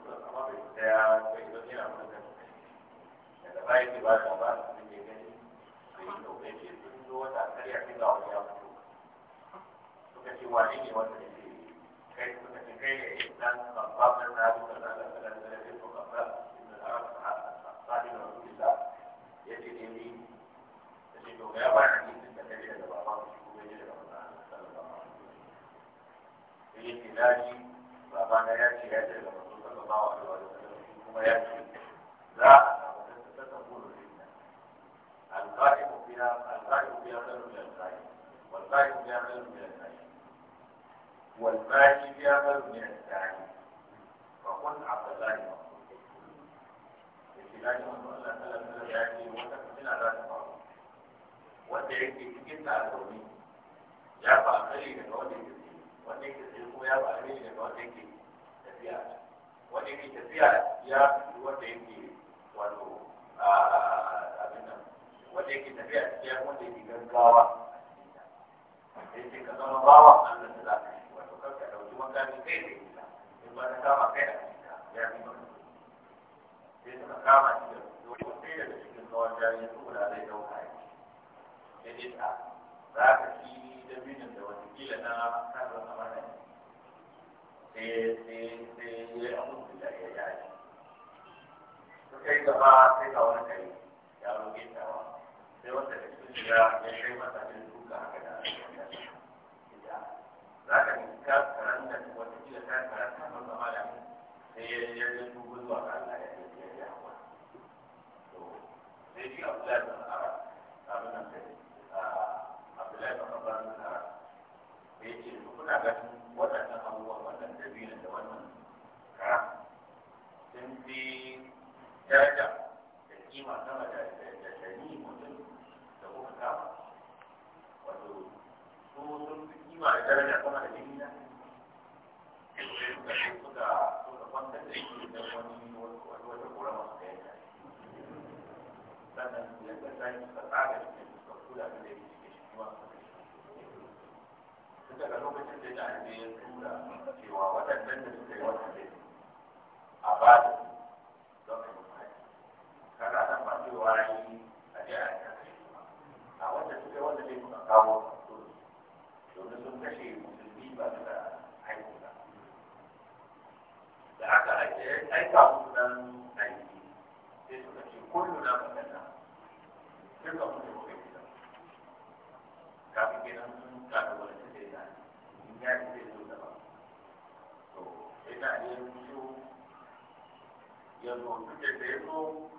zo suke da ya zo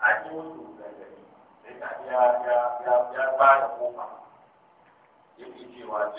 an yi musu gargaɗi sai ya ya ba da kofa yake cewa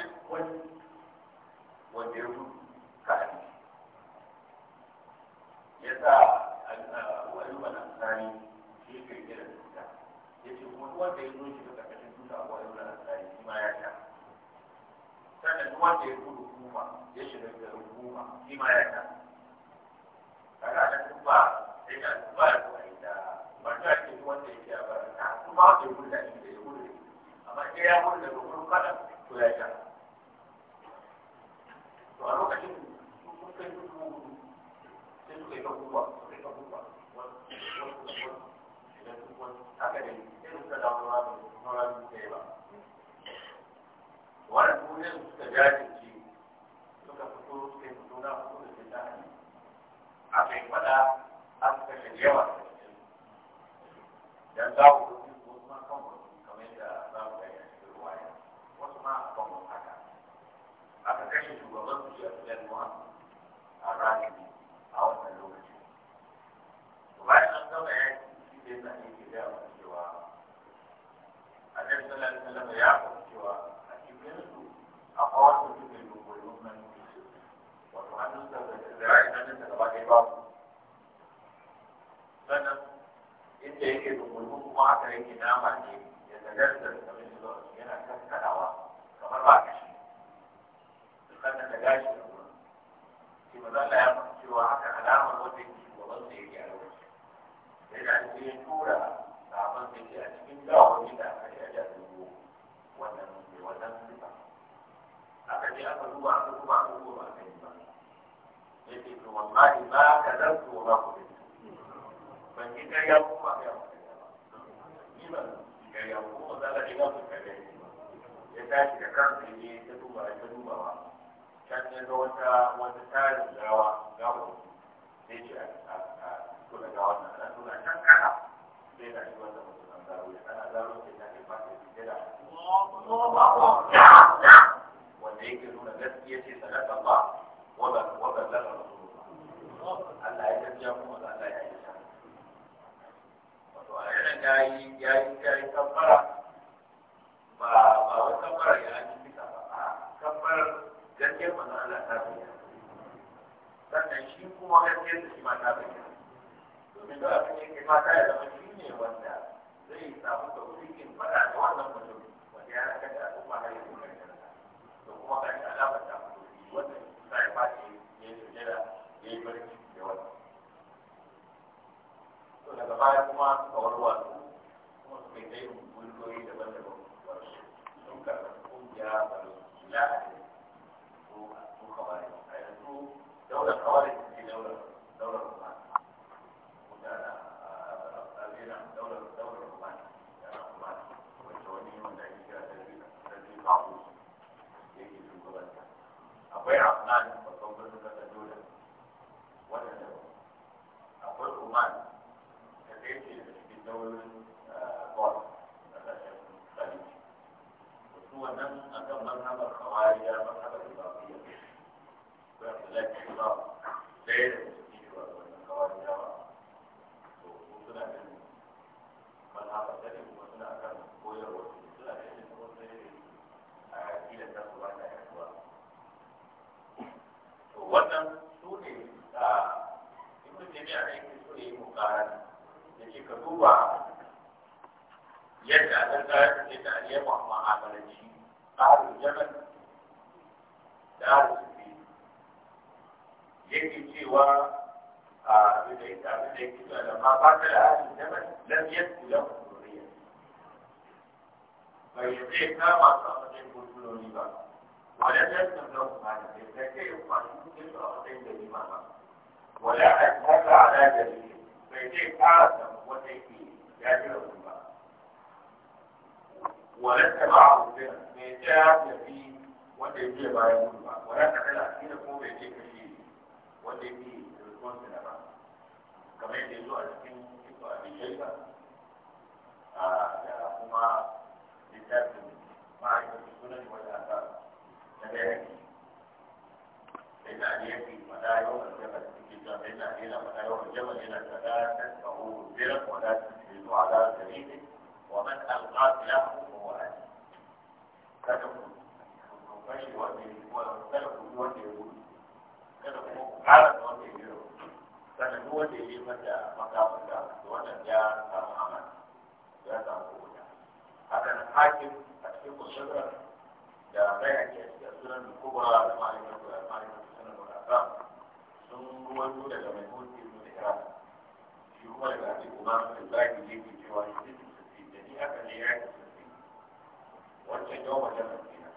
duba yadda a tsara ne da aliyama ma'amalanci tsarin yaman tsarin sufi yake cewa a da ita abin da yake cewa lamma ba ta da alin yaman lam yadda lam kuriya bai yadda ya kama su a matsayin kulkuloni ba ولم يكن لهم هذا الذكي وقد يجب أن يكون ولا أجهد على جميل فإذا كانت wanda yake ya ji rauni ba ولن تبعه من جاء في wanda ya biya bayan gudu ba wanda ka tala shi da kuma bai ce kashi wanda ya bi response na ba kamar yadda ya zo a cikin iko a bishai ba da kuma littafin ma'aikacin sunan wanda aka na da yaki sai da aliyar bi mada yau da zai إلا إلى مدار الجبل إلى فلا تسمعوا الزرق ولا تسجدوا على زريبه ومن ألقى سلاحه فهو آدم. kada ku kashe wanda ya yi kada ku yi wanda ya gudu kada ku kara da wanda ya yi rauni kada duk wanda ya yi mata makafinta da wannan ya samu aman ya samu kuɗa haka nan hakim a cikin musulman da bai ake a cikin sunan kubra da malamin da malamin sunan wani sun ruwanto daga mai hoti su da iran shi kuma daga ake kuma da zaki ne ke cewa shi ne sassi da ni aka ne ya ke sassi wancan yau wajen sassi na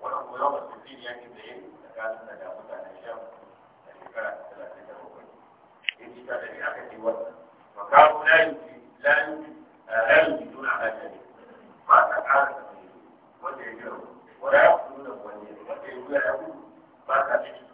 wannan kuma yau wajen sassi ya ke tsaye tsakanin da da mutanen sham da shekara talatin da bakwai in ji ta da ni aka ce wannan makamu la yi la yi la yi tuna a kan ba ta ƙara da mai wanda ya jira wanda ya kuma da wanda ya jira ba ta cikin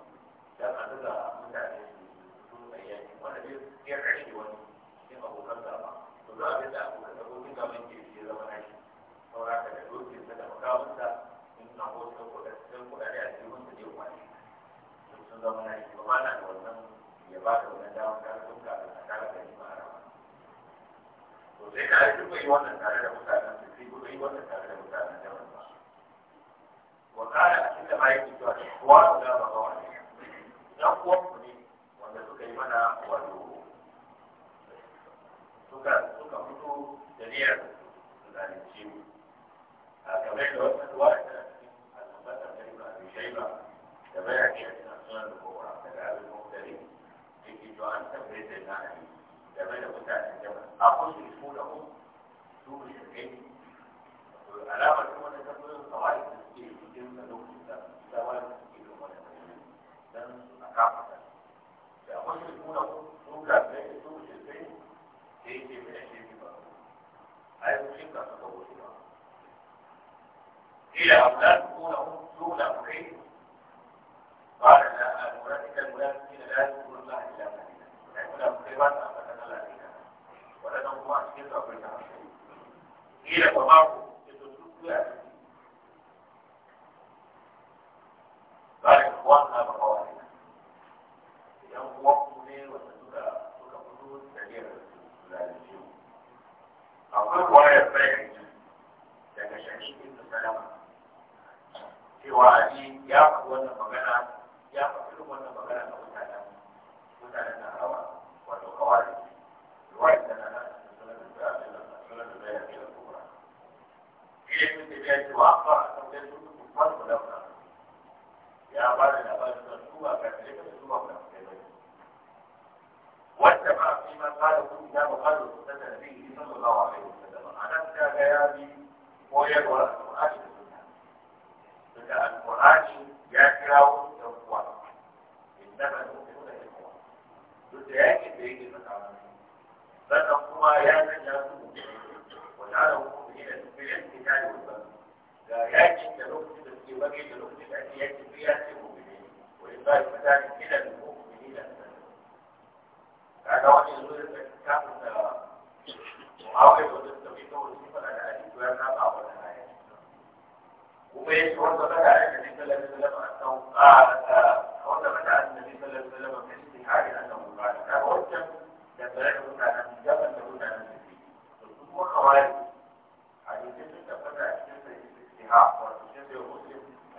ينبغي للمؤمن أن يجد فيها للمؤمنين وإنذار الثاني إلى المؤمنين هذا وجه الغير الكتاب معاوية والتوحيد والصفة الأنانية وأنا بعض الآيات وبيت وثبت عن النبي صلى الله عليه وسلم أنه قال وثبت عن النبي صلى الله عليه وسلم في الاستحاله أنه قال أنا وجه تبعه عن الجبل تكون عن النبي ثم خوارج حديث تثبت عن جنس الاستحاء وجنس الغسل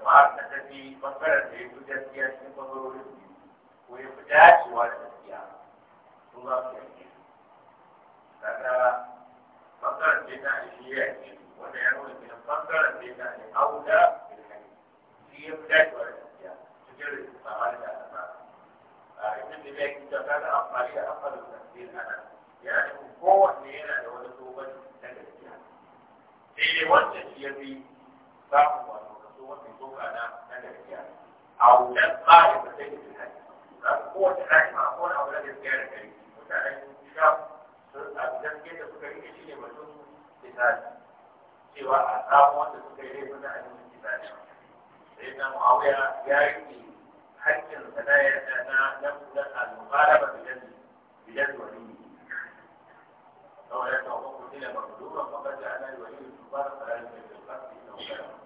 jama'ar ta tafi bangaren da ya fi gaskiya cikin bangarorin biyu ko ya fi dacewa da gaskiya sun za su yanke kaga bangaren da ya ta shi ya yanke wanda ya nuna ke bangaren da ya ta shi auda da kai shi ya fi dacewa da gaskiya cikin tsamari da alama a ibn da ya kita kaga amfani da amalin tafsir ana ya nufin kowanne yana da wani dogon na gaskiya sai dai wancan shi ya fi samun wato zanto mafi tsoka na na gaskiya a wutan tsarin da take da hali za su kowace rahima a kowane abu na gaskiya da kai mutanen sham sun a gaskiya da suka rike shi ne mutum misali cewa a samu wanda suka yi laifin na addinin misali sai na mu'awiya ya rike hakkin sa na na na al-mubalagha bi jannah bi jannah أو يدعو حكم إلى مقدورا فقد جعل الولي الكفار فلا يمكن القتل إنه كان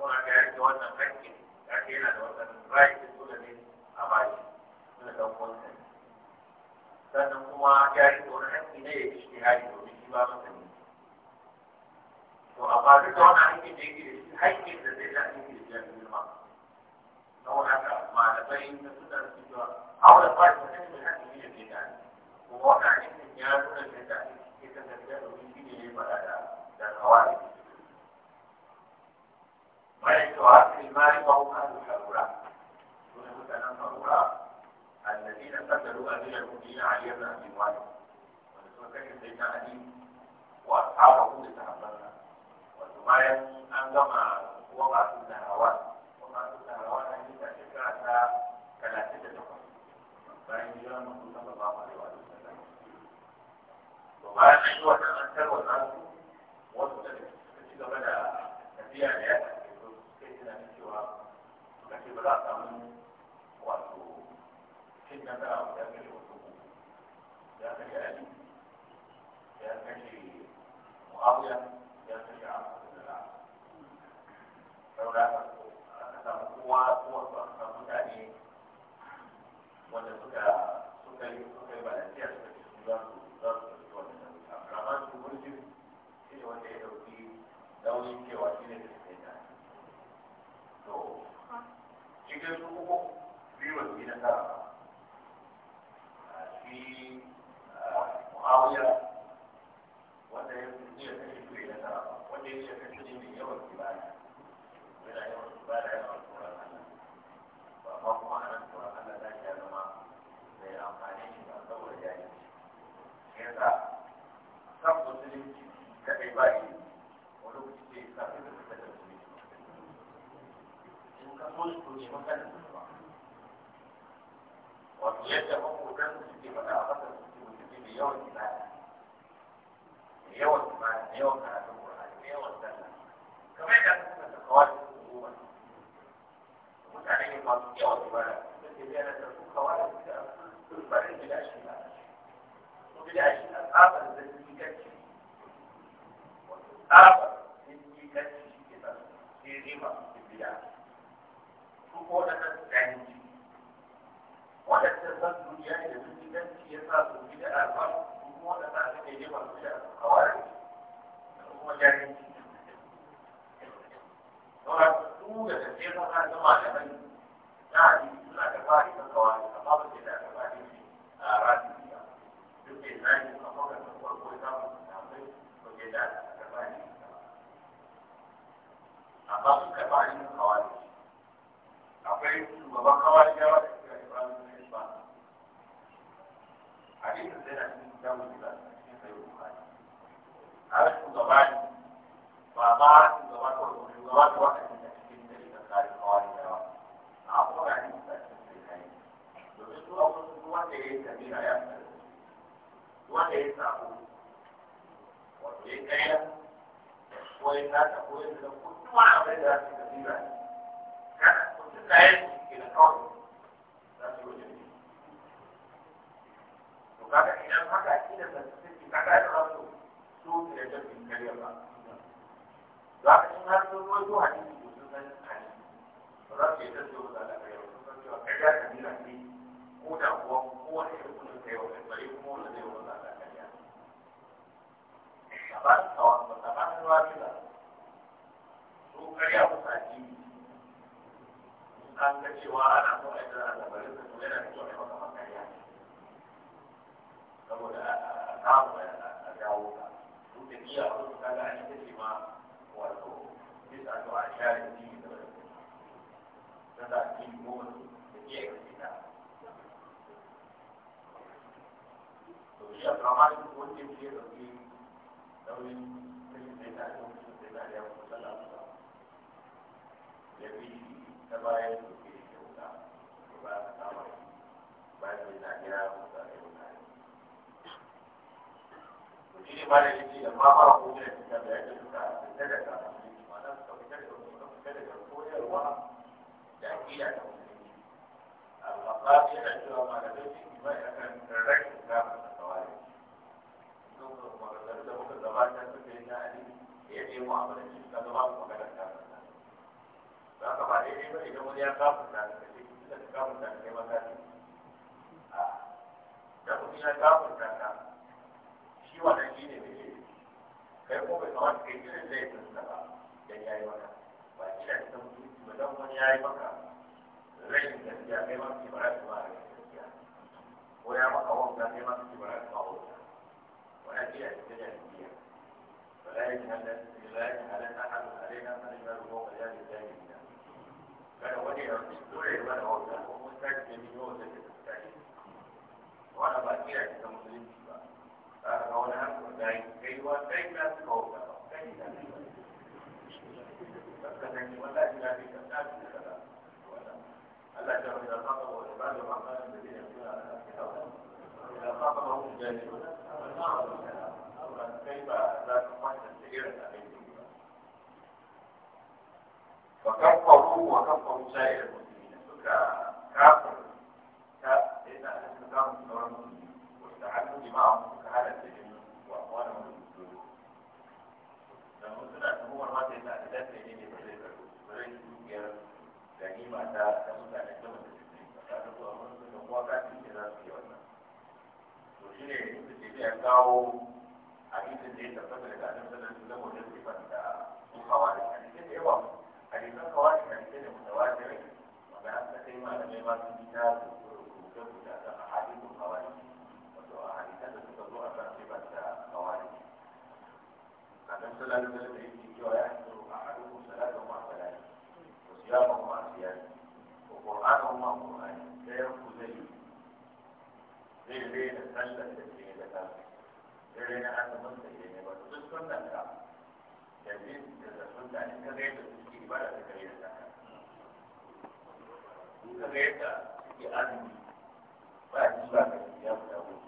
don haka ya rike wannan hakki ka ce yana da wannan right dole ne a bashi dole sannan kuma ya rike wani hakki ne ya ishe hari domin shi ba masa ne to amma duk da wani hakki da yake da hakkin da zai da yake da shi girma don haka malamai na suna cewa a wani bashi da ne hakki ne da ya kuma wannan hakkin ya nuna da ya kasance da domin shi ne ya faɗa da da kawai Gracias. الجاهلية كجاهلية فلا يجهل لا يجهل أحد علينا فنجعل فوق ذلك جاهليا كان ولي أسبوعي وأنا أوزع ومستجد من يوزع المستجد وأنا بأتي كمسلم قال أنا أقول لك فكفروا وكفروا سائر المسلمين فكافر لأن أهل الإسلام سورة المسلمين واستعانوا جماعهم كهذا السجن وأخوانهم المسلمين لما سنة هو المادة الأهداف اللي يبدأ بريد سوكيا لأني يعني ما تا تمتع نجمة السجن فكانوا أمرهم أن يوقع في الجنة في وزنة shi ne da ya kawo hadisin da ya tabbata daga annabi sallallahu alaihi wasallam sifan da su kawai hadisai da yawa hadisan kawai hadisai da mutawatir wanda an kai malamai ma sun bi ta rubuce da kan hadisin kawai wato hadisan da suka zo a kan sifan da kawai annabi sallallahu alaihi wasallam yake cewa ya hadisu a hadisin salatu ma salati wa siyamu ma siyami wa qur'anu ma qur'ani sai ku zai zai da sallar da ke da ta zai rena azumin da ke ne ba duk sunan ka da zai da sunna in ka ga yadda suke da ta kare da ta in ka ga yadda suke azumi ba ji ba ka ya fita ko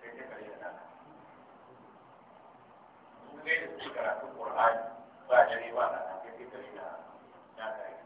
sai ta kare da ta in ka ga yadda suke karatun qur'ani ba dare ba na ta sai ta kare da ta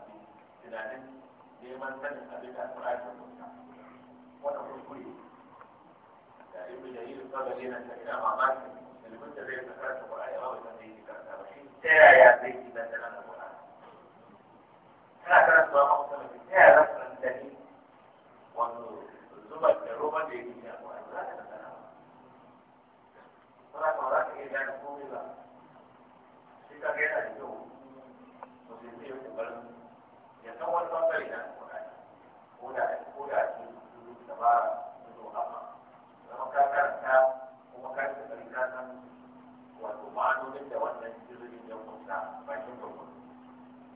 tunanin neman sanin abin da alƙur'ani ya wannan kuskure da nan da ina mamaki da zai karanta qur'ani amma bai san da karanta ba shi ta yaya zai yi karanta ba ta yaya za zuba da roba da za ta ba ka ba ka ba shi da sai ya kokarin ya san wani bangare na alƙur'ani ko da ko da ake rubutu da ba zo haka zama ka karanta kuma ka yi kokari ka san wato ma'anonin da wannan jirgin ya kunsa bakin gurgudu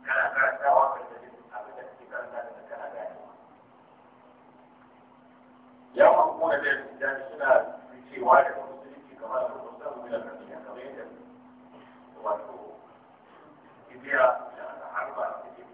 kana karantawa ka yi abin da kake karanta daga kana ganewa ya mamuna da yadda suna cewa da musulunci kamar da musulunci kamar da musulunci kamar da wato ibiya da harba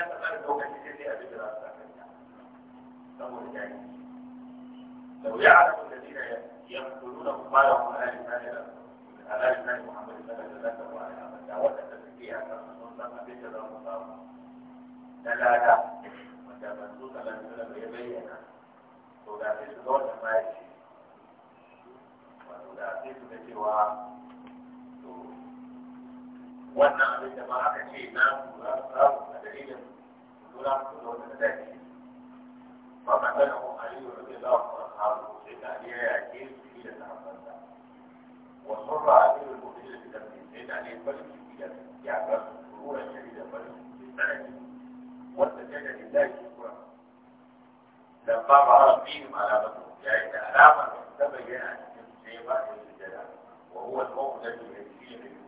ya tsakanin lokaci sai dai abin da za su tsakanta saboda jahilci لو يعلم الذين يقتلون أموالهم على لسان على لسان محمد صلى الله عليه وسلم دعوة التزكية فمن بشر المصاب دلالة وإذا منصوص صلى الله عليه وسلم يبين ولا في سدود ما يشي ولا في سدود wannan abin da ba aka ce na lura a dalilin lura da wata da dace ba ka tana ko ali da rabi Allah ko sahabu sai da ali ya yake shi da sahabbansa wa sura ali da mu'min da da sai da ali ba shi da ya ga ruwan shari da bari sai wanda ta da lillahi kuwa da ba ba fi malabatu yayin da alama ta bayyana cikin sai ba da sujada wa huwa al-mawdu alladhi yasiri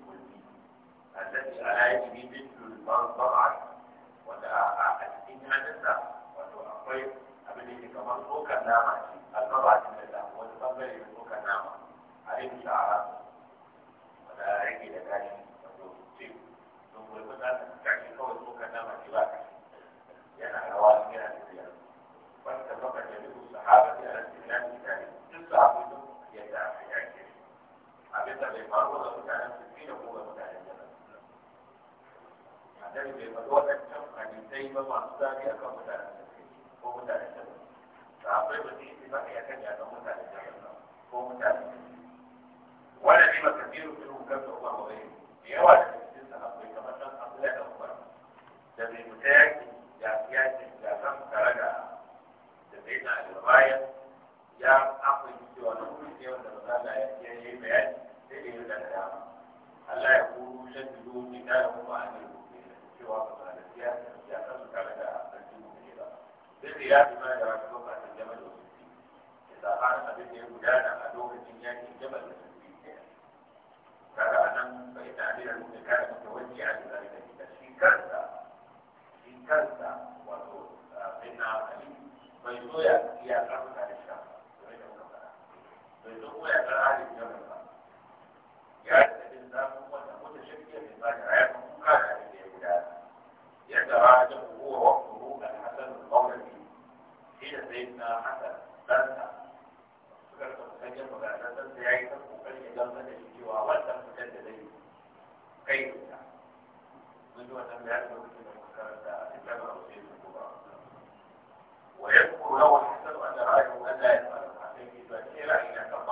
الذي على يده مثل البرعة ولا أحدهم هذا ولا أقوي أبني كمان فوق النامة البرعة لله والبرعة فوق النامة عليه شعرات ولا عقل ذلك ثم يقول أنت تعيش فوق فوق النامة سواك لأن الرواد من الدنيا واتفق جميع الصحابة على استخدام ذلك تسعة منهم يدعى في عكسه أبدا بالمرء ولا متعلم في الدين وهو متعلم annabi bai faɗi waɗancan hadisai ba masu zafi akan mutane ko mutane da sahabbai ba su yi ba ya kan yakan mutane da ko mutane wanda ne makasiru bin hukar da umar wa bai da yawa da cikin sahabbai kamar nan abdullahi da umar da bai fita yaki ya yaki ya san tare da da bai na alwaya ya akwai cewa na kuma ne wanda ba za ya yi bayani sai da yi da dama Allah ya kuru shan dubu ne da kuma a ne cewa ba na gaskiya ya san su tare da sarki ba sai da ya ma da wasu lokacin jama'a da wasu ci da tsakanin abin da ya gudana a lokacin yakin jama'a da wasu ci kaga a nan bai da abin da mutum kada mutum wani ya ji da shi kansa shi kansa wato abin na ali bai zo ya ya san su tare da shi bai zo kuma ya san halin jama'a ba ya yi da zafin wannan wata shi ke mai da rayuwa kuka da abin da ya gudana يتراجم هو وقته الحسن القولي حين سيدنا حسن بنت فكرة مسجل مباشرة في عيسى وكان يجمع تشكي وأولت مسجل لي كيف منذ أن لم يعلم بكل مكتبة إلا برسول الكبرى ويذكر له الحسن أن رأيه أن لا يفعل عليه بكيرا إلى كبار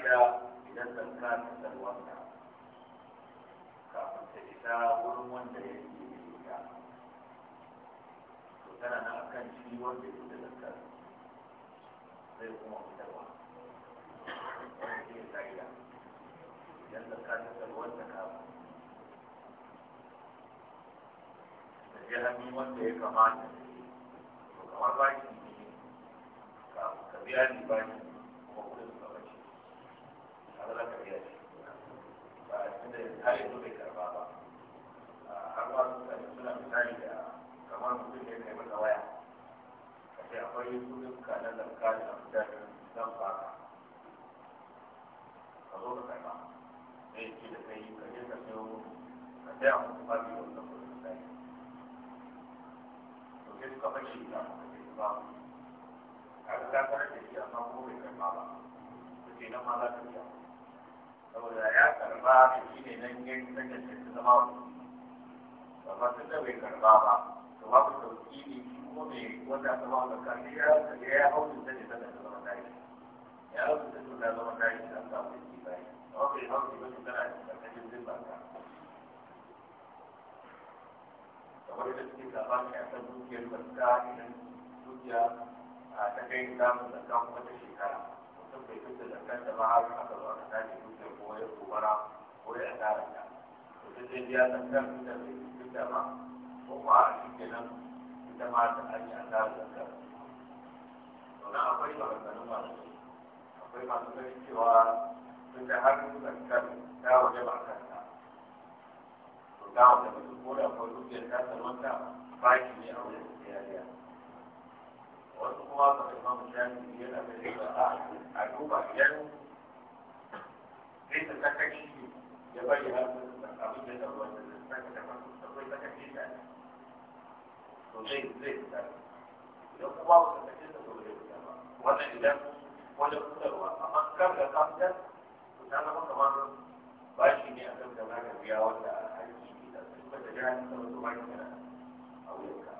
idan ɗan ka tattalwarka kafin ta wurin wanda ya yi da ita to tana na akan shi wanda ya da zakar zai kuma fitarwa wanda ke fa'ida idan ɗan ka kafin da hannu wanda ya kamata to kamar ka biya ni kuma kudin matsalar tafiya ce ba tunda har yanzu bai karba ba har ma mutane suna misali da kamar mutum ne kai masa waya ka ce akwai kudin ka na zarka da na fitar zan fara ka zo ka karba sai ce da kai ka je ka sayo ka saya mutum ba biyu wannan kudin misali to sai suka fashe ka ba an ka tarar da shi amma kuma bai karba ba to kenan ma za ka biya saboda ya karba to shi ne nan yin sakin da zama ba ba ta bai karba ba to ba ku sauki ne kuma mai wanda ta ba ka ya kaje ya hau da ne sakin da zama dai ya hau da sakin da zama dai da ta ku ki bai ba ku hau da sakin da ta kaje zai kamar da cikin labarin ya san dukiyar barka idan dukiya ta kai samun zakka kuma ta shekara mutum bai fita da kanta ba har aka zo aka tashi duka ko ya gobara ko ya tsara ta mutum zai biya zakar da bai da ba ko ma a shi kenan ita ma ta aji a tsara zakar sannan akwai maganganun masu akwai masu ganin cewa tun da har zakar ta waje ba kanta to ta waje mutum ko da akwai dukiyar ta salwanta ba shi ne a wajen siyariya wasu kuma kamar imamu jami'i yana da rika a duba idan rika sakaci ya bari har abin da zama wanda zai saka da masu sakwai sakaci da ne to zai zai fita idan kuma ba sakaci da to zai fita ba wannan idan wajen fitarwa amma kar da kafin to ta zama kamar bashi ne a kan da za ka biya wanda aiki ne da sun kwata jira ne saboda ba ki a wuyanka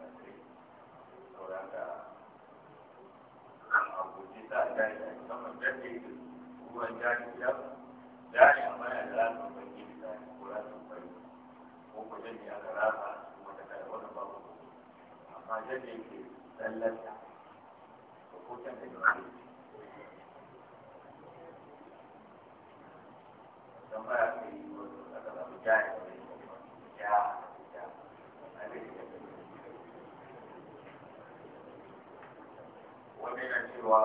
da kan abuji sa da ya kama dade ruwan jariya jari amma ya rasa ban yi da ko rasa ban ko ko dade ya rasa kuma da kai wannan babu amma dade ke sallata ko ko can da yake tambaya ke yi wasu aka zaɓi jari ya wani na cewa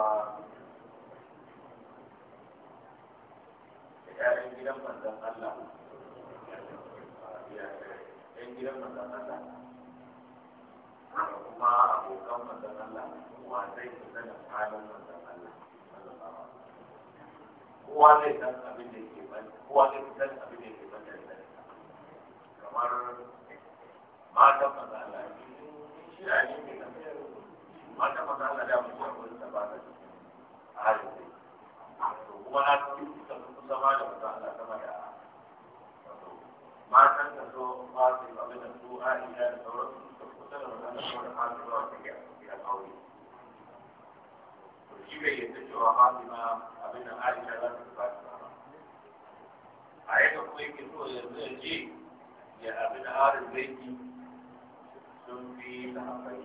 ‘ya'yan gidan manzan Allah gidan manzan Allah kuma abokan manzan Allah wa zai fi Allah zai san abin da ke ban kowa zai fi sanin abin da ke ban da ya kamar matan manzan Allah shi ne ke an taɓa da da mutuwar wani da ba a halin dai to kuma na cikin kusa kusa ma da mutum Allah sama da matan da so ba su yi abin da su a iya da sauran su kusa da mutum da sauran halin da wasu ya ya kawai to shi bai yadda cewa Fatima abin da Aisha za ta ba su ba a yadda kuma yake so yanzu ya ce ya abin da Arin zai sun fi sahabbai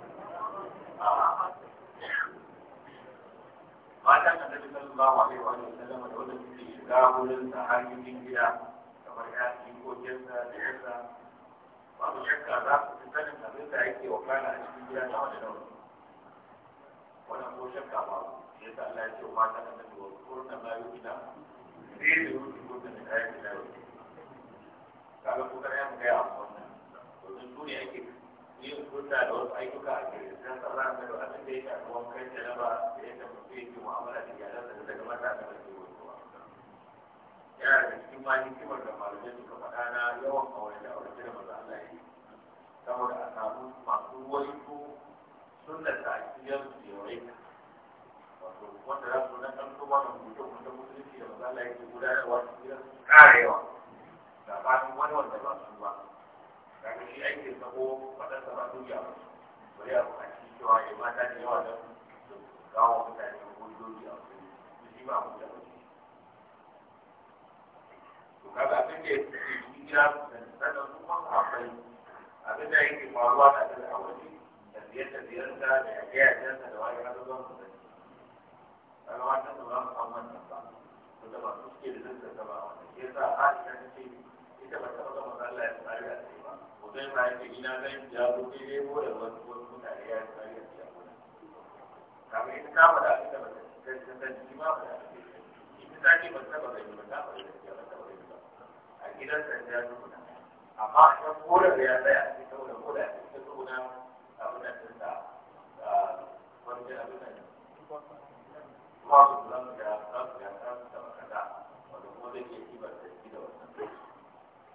sallallahu alaihi wa sallam da wanda suke shiga wurin sahabin gida kamar yaki ko jinsa da yarsa babu shakka za su fi sanin abin da yake wakana a cikin gida na wani nauyi wannan ko shakka ba ya sa Allah ya ce wa mata da nan wa kurna ma yi gida sai da da yau mu wannan su yin kunna da wasu ayyuka a cikin san tsara da da abin da ya shafi wankan jaraba da yadda mutum yake mu'amala da iyalansa da daga mata da mai yiwuwa kuma yana da cikin ma hikimar da malamai suka faɗa na yawan aure da aure da maza Allah ya yi saboda a samu masu waiko sunnar da akidiyar su yawaita wato wanda za su na ɗan tuba da mutum da musulunci da maza Allah ya ke gudanarwa su ƙara yawa gabanin wani wanda ba su ba kaga shi aikin sa ko faɗar sa ba duniya ba bari a buƙaci cewa ya mata da yawa don su kawo mutane hujjoji a wasu su shi ba hujja ba to kaga abin da ya fi hijira da sannan kuma akwai abin da yake faruwa a cikin awaji da ziyarta-ziyarta da yaƙe-yaƙensa da wani hannun zan su sani kaga wannan ba za su kawo wannan ba wanda ba su suke da zan zaba wanda ke sa a ta ce ita ba ta ga manzo Allah ya tsari a ba ba zan da wasu wasu ya ba ba ba ba ba ba ba ba kan da ya tsaya da ta sa wani abin da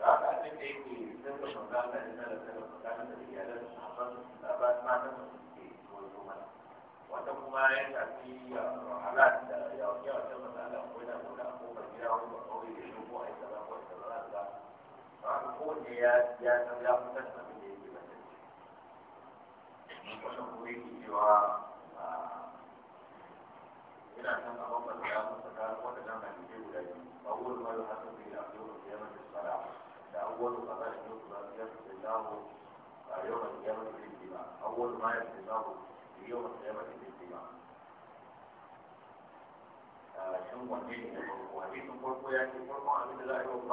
فأنا أعلم أني سنة مدامة لنا لسنة مدامة لإيالات الحفظ الأبات معنا والزملاء وأنه ما يسعى في رحلات يوجيه كما سأل أخونا هنا أخوه مجرى وطوي الشبوع السلام والسلام فأقول يا يا سلام تسمى من ذلك المسجد ونقول سوى ina san a bambanta ya mutu ta wata dama da أول ما كان يطلع يمس الله يوم القيامة بالاتباع أول ما يمس الله يوم القيامة بالاتباع shin wanne ne na farko hadisin farko ya ce farkon abin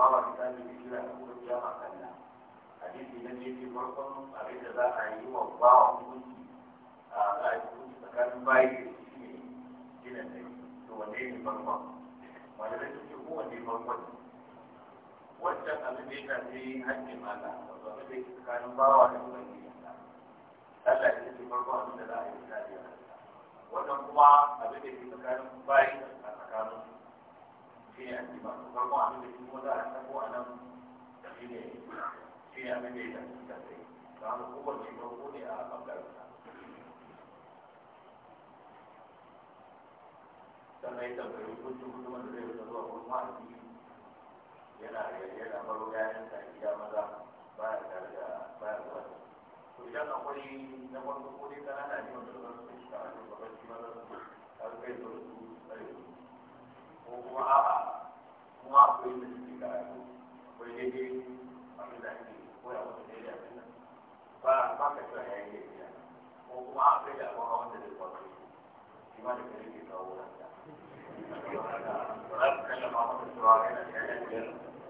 da za a yi wa bawa misali da kira na kuma kiyama kalla hadisi na ce farkon abin da za a yi wa bawa hukunci a za a yi hukunci tsakanin bayi da shi ne gina ne to wanne ne farkon ce kowanne farkon ne wancan abin da ya shafi haƙƙin mata wato da ke tsakanin bawa da kuma gidansa Allah ya ce farko abin da za a yi kariya wannan kuma abin da ke tsakanin bayi a tsakanin shi ne haƙƙin mata farko abin da ke kuma za a tabo a nan shi ne shi ne abin da ya shafi da ta da kowace farko ne a ɓangaren sa sannan ya tambayi hukuncin hukumar da zai wuce zuwa kuma a cikin yana yana baro yayin sa gida maza ba ya tare da ba ya zuwa to idan akwai na farko ko dai kanana ne wanda ba su shi ta wani babban shi maza su har kai zo su tsare ko kuma a'a kuma akwai da suke karatu akwai daidai abin da ake koya wata daidai abin nan ba ba ka cewa yayin da gida ko kuma akwai da abuwa wanda zai kwakwai shi ma da kare ke kawo wuranta. Ba za su kalla ma wata cewa yana da yayin da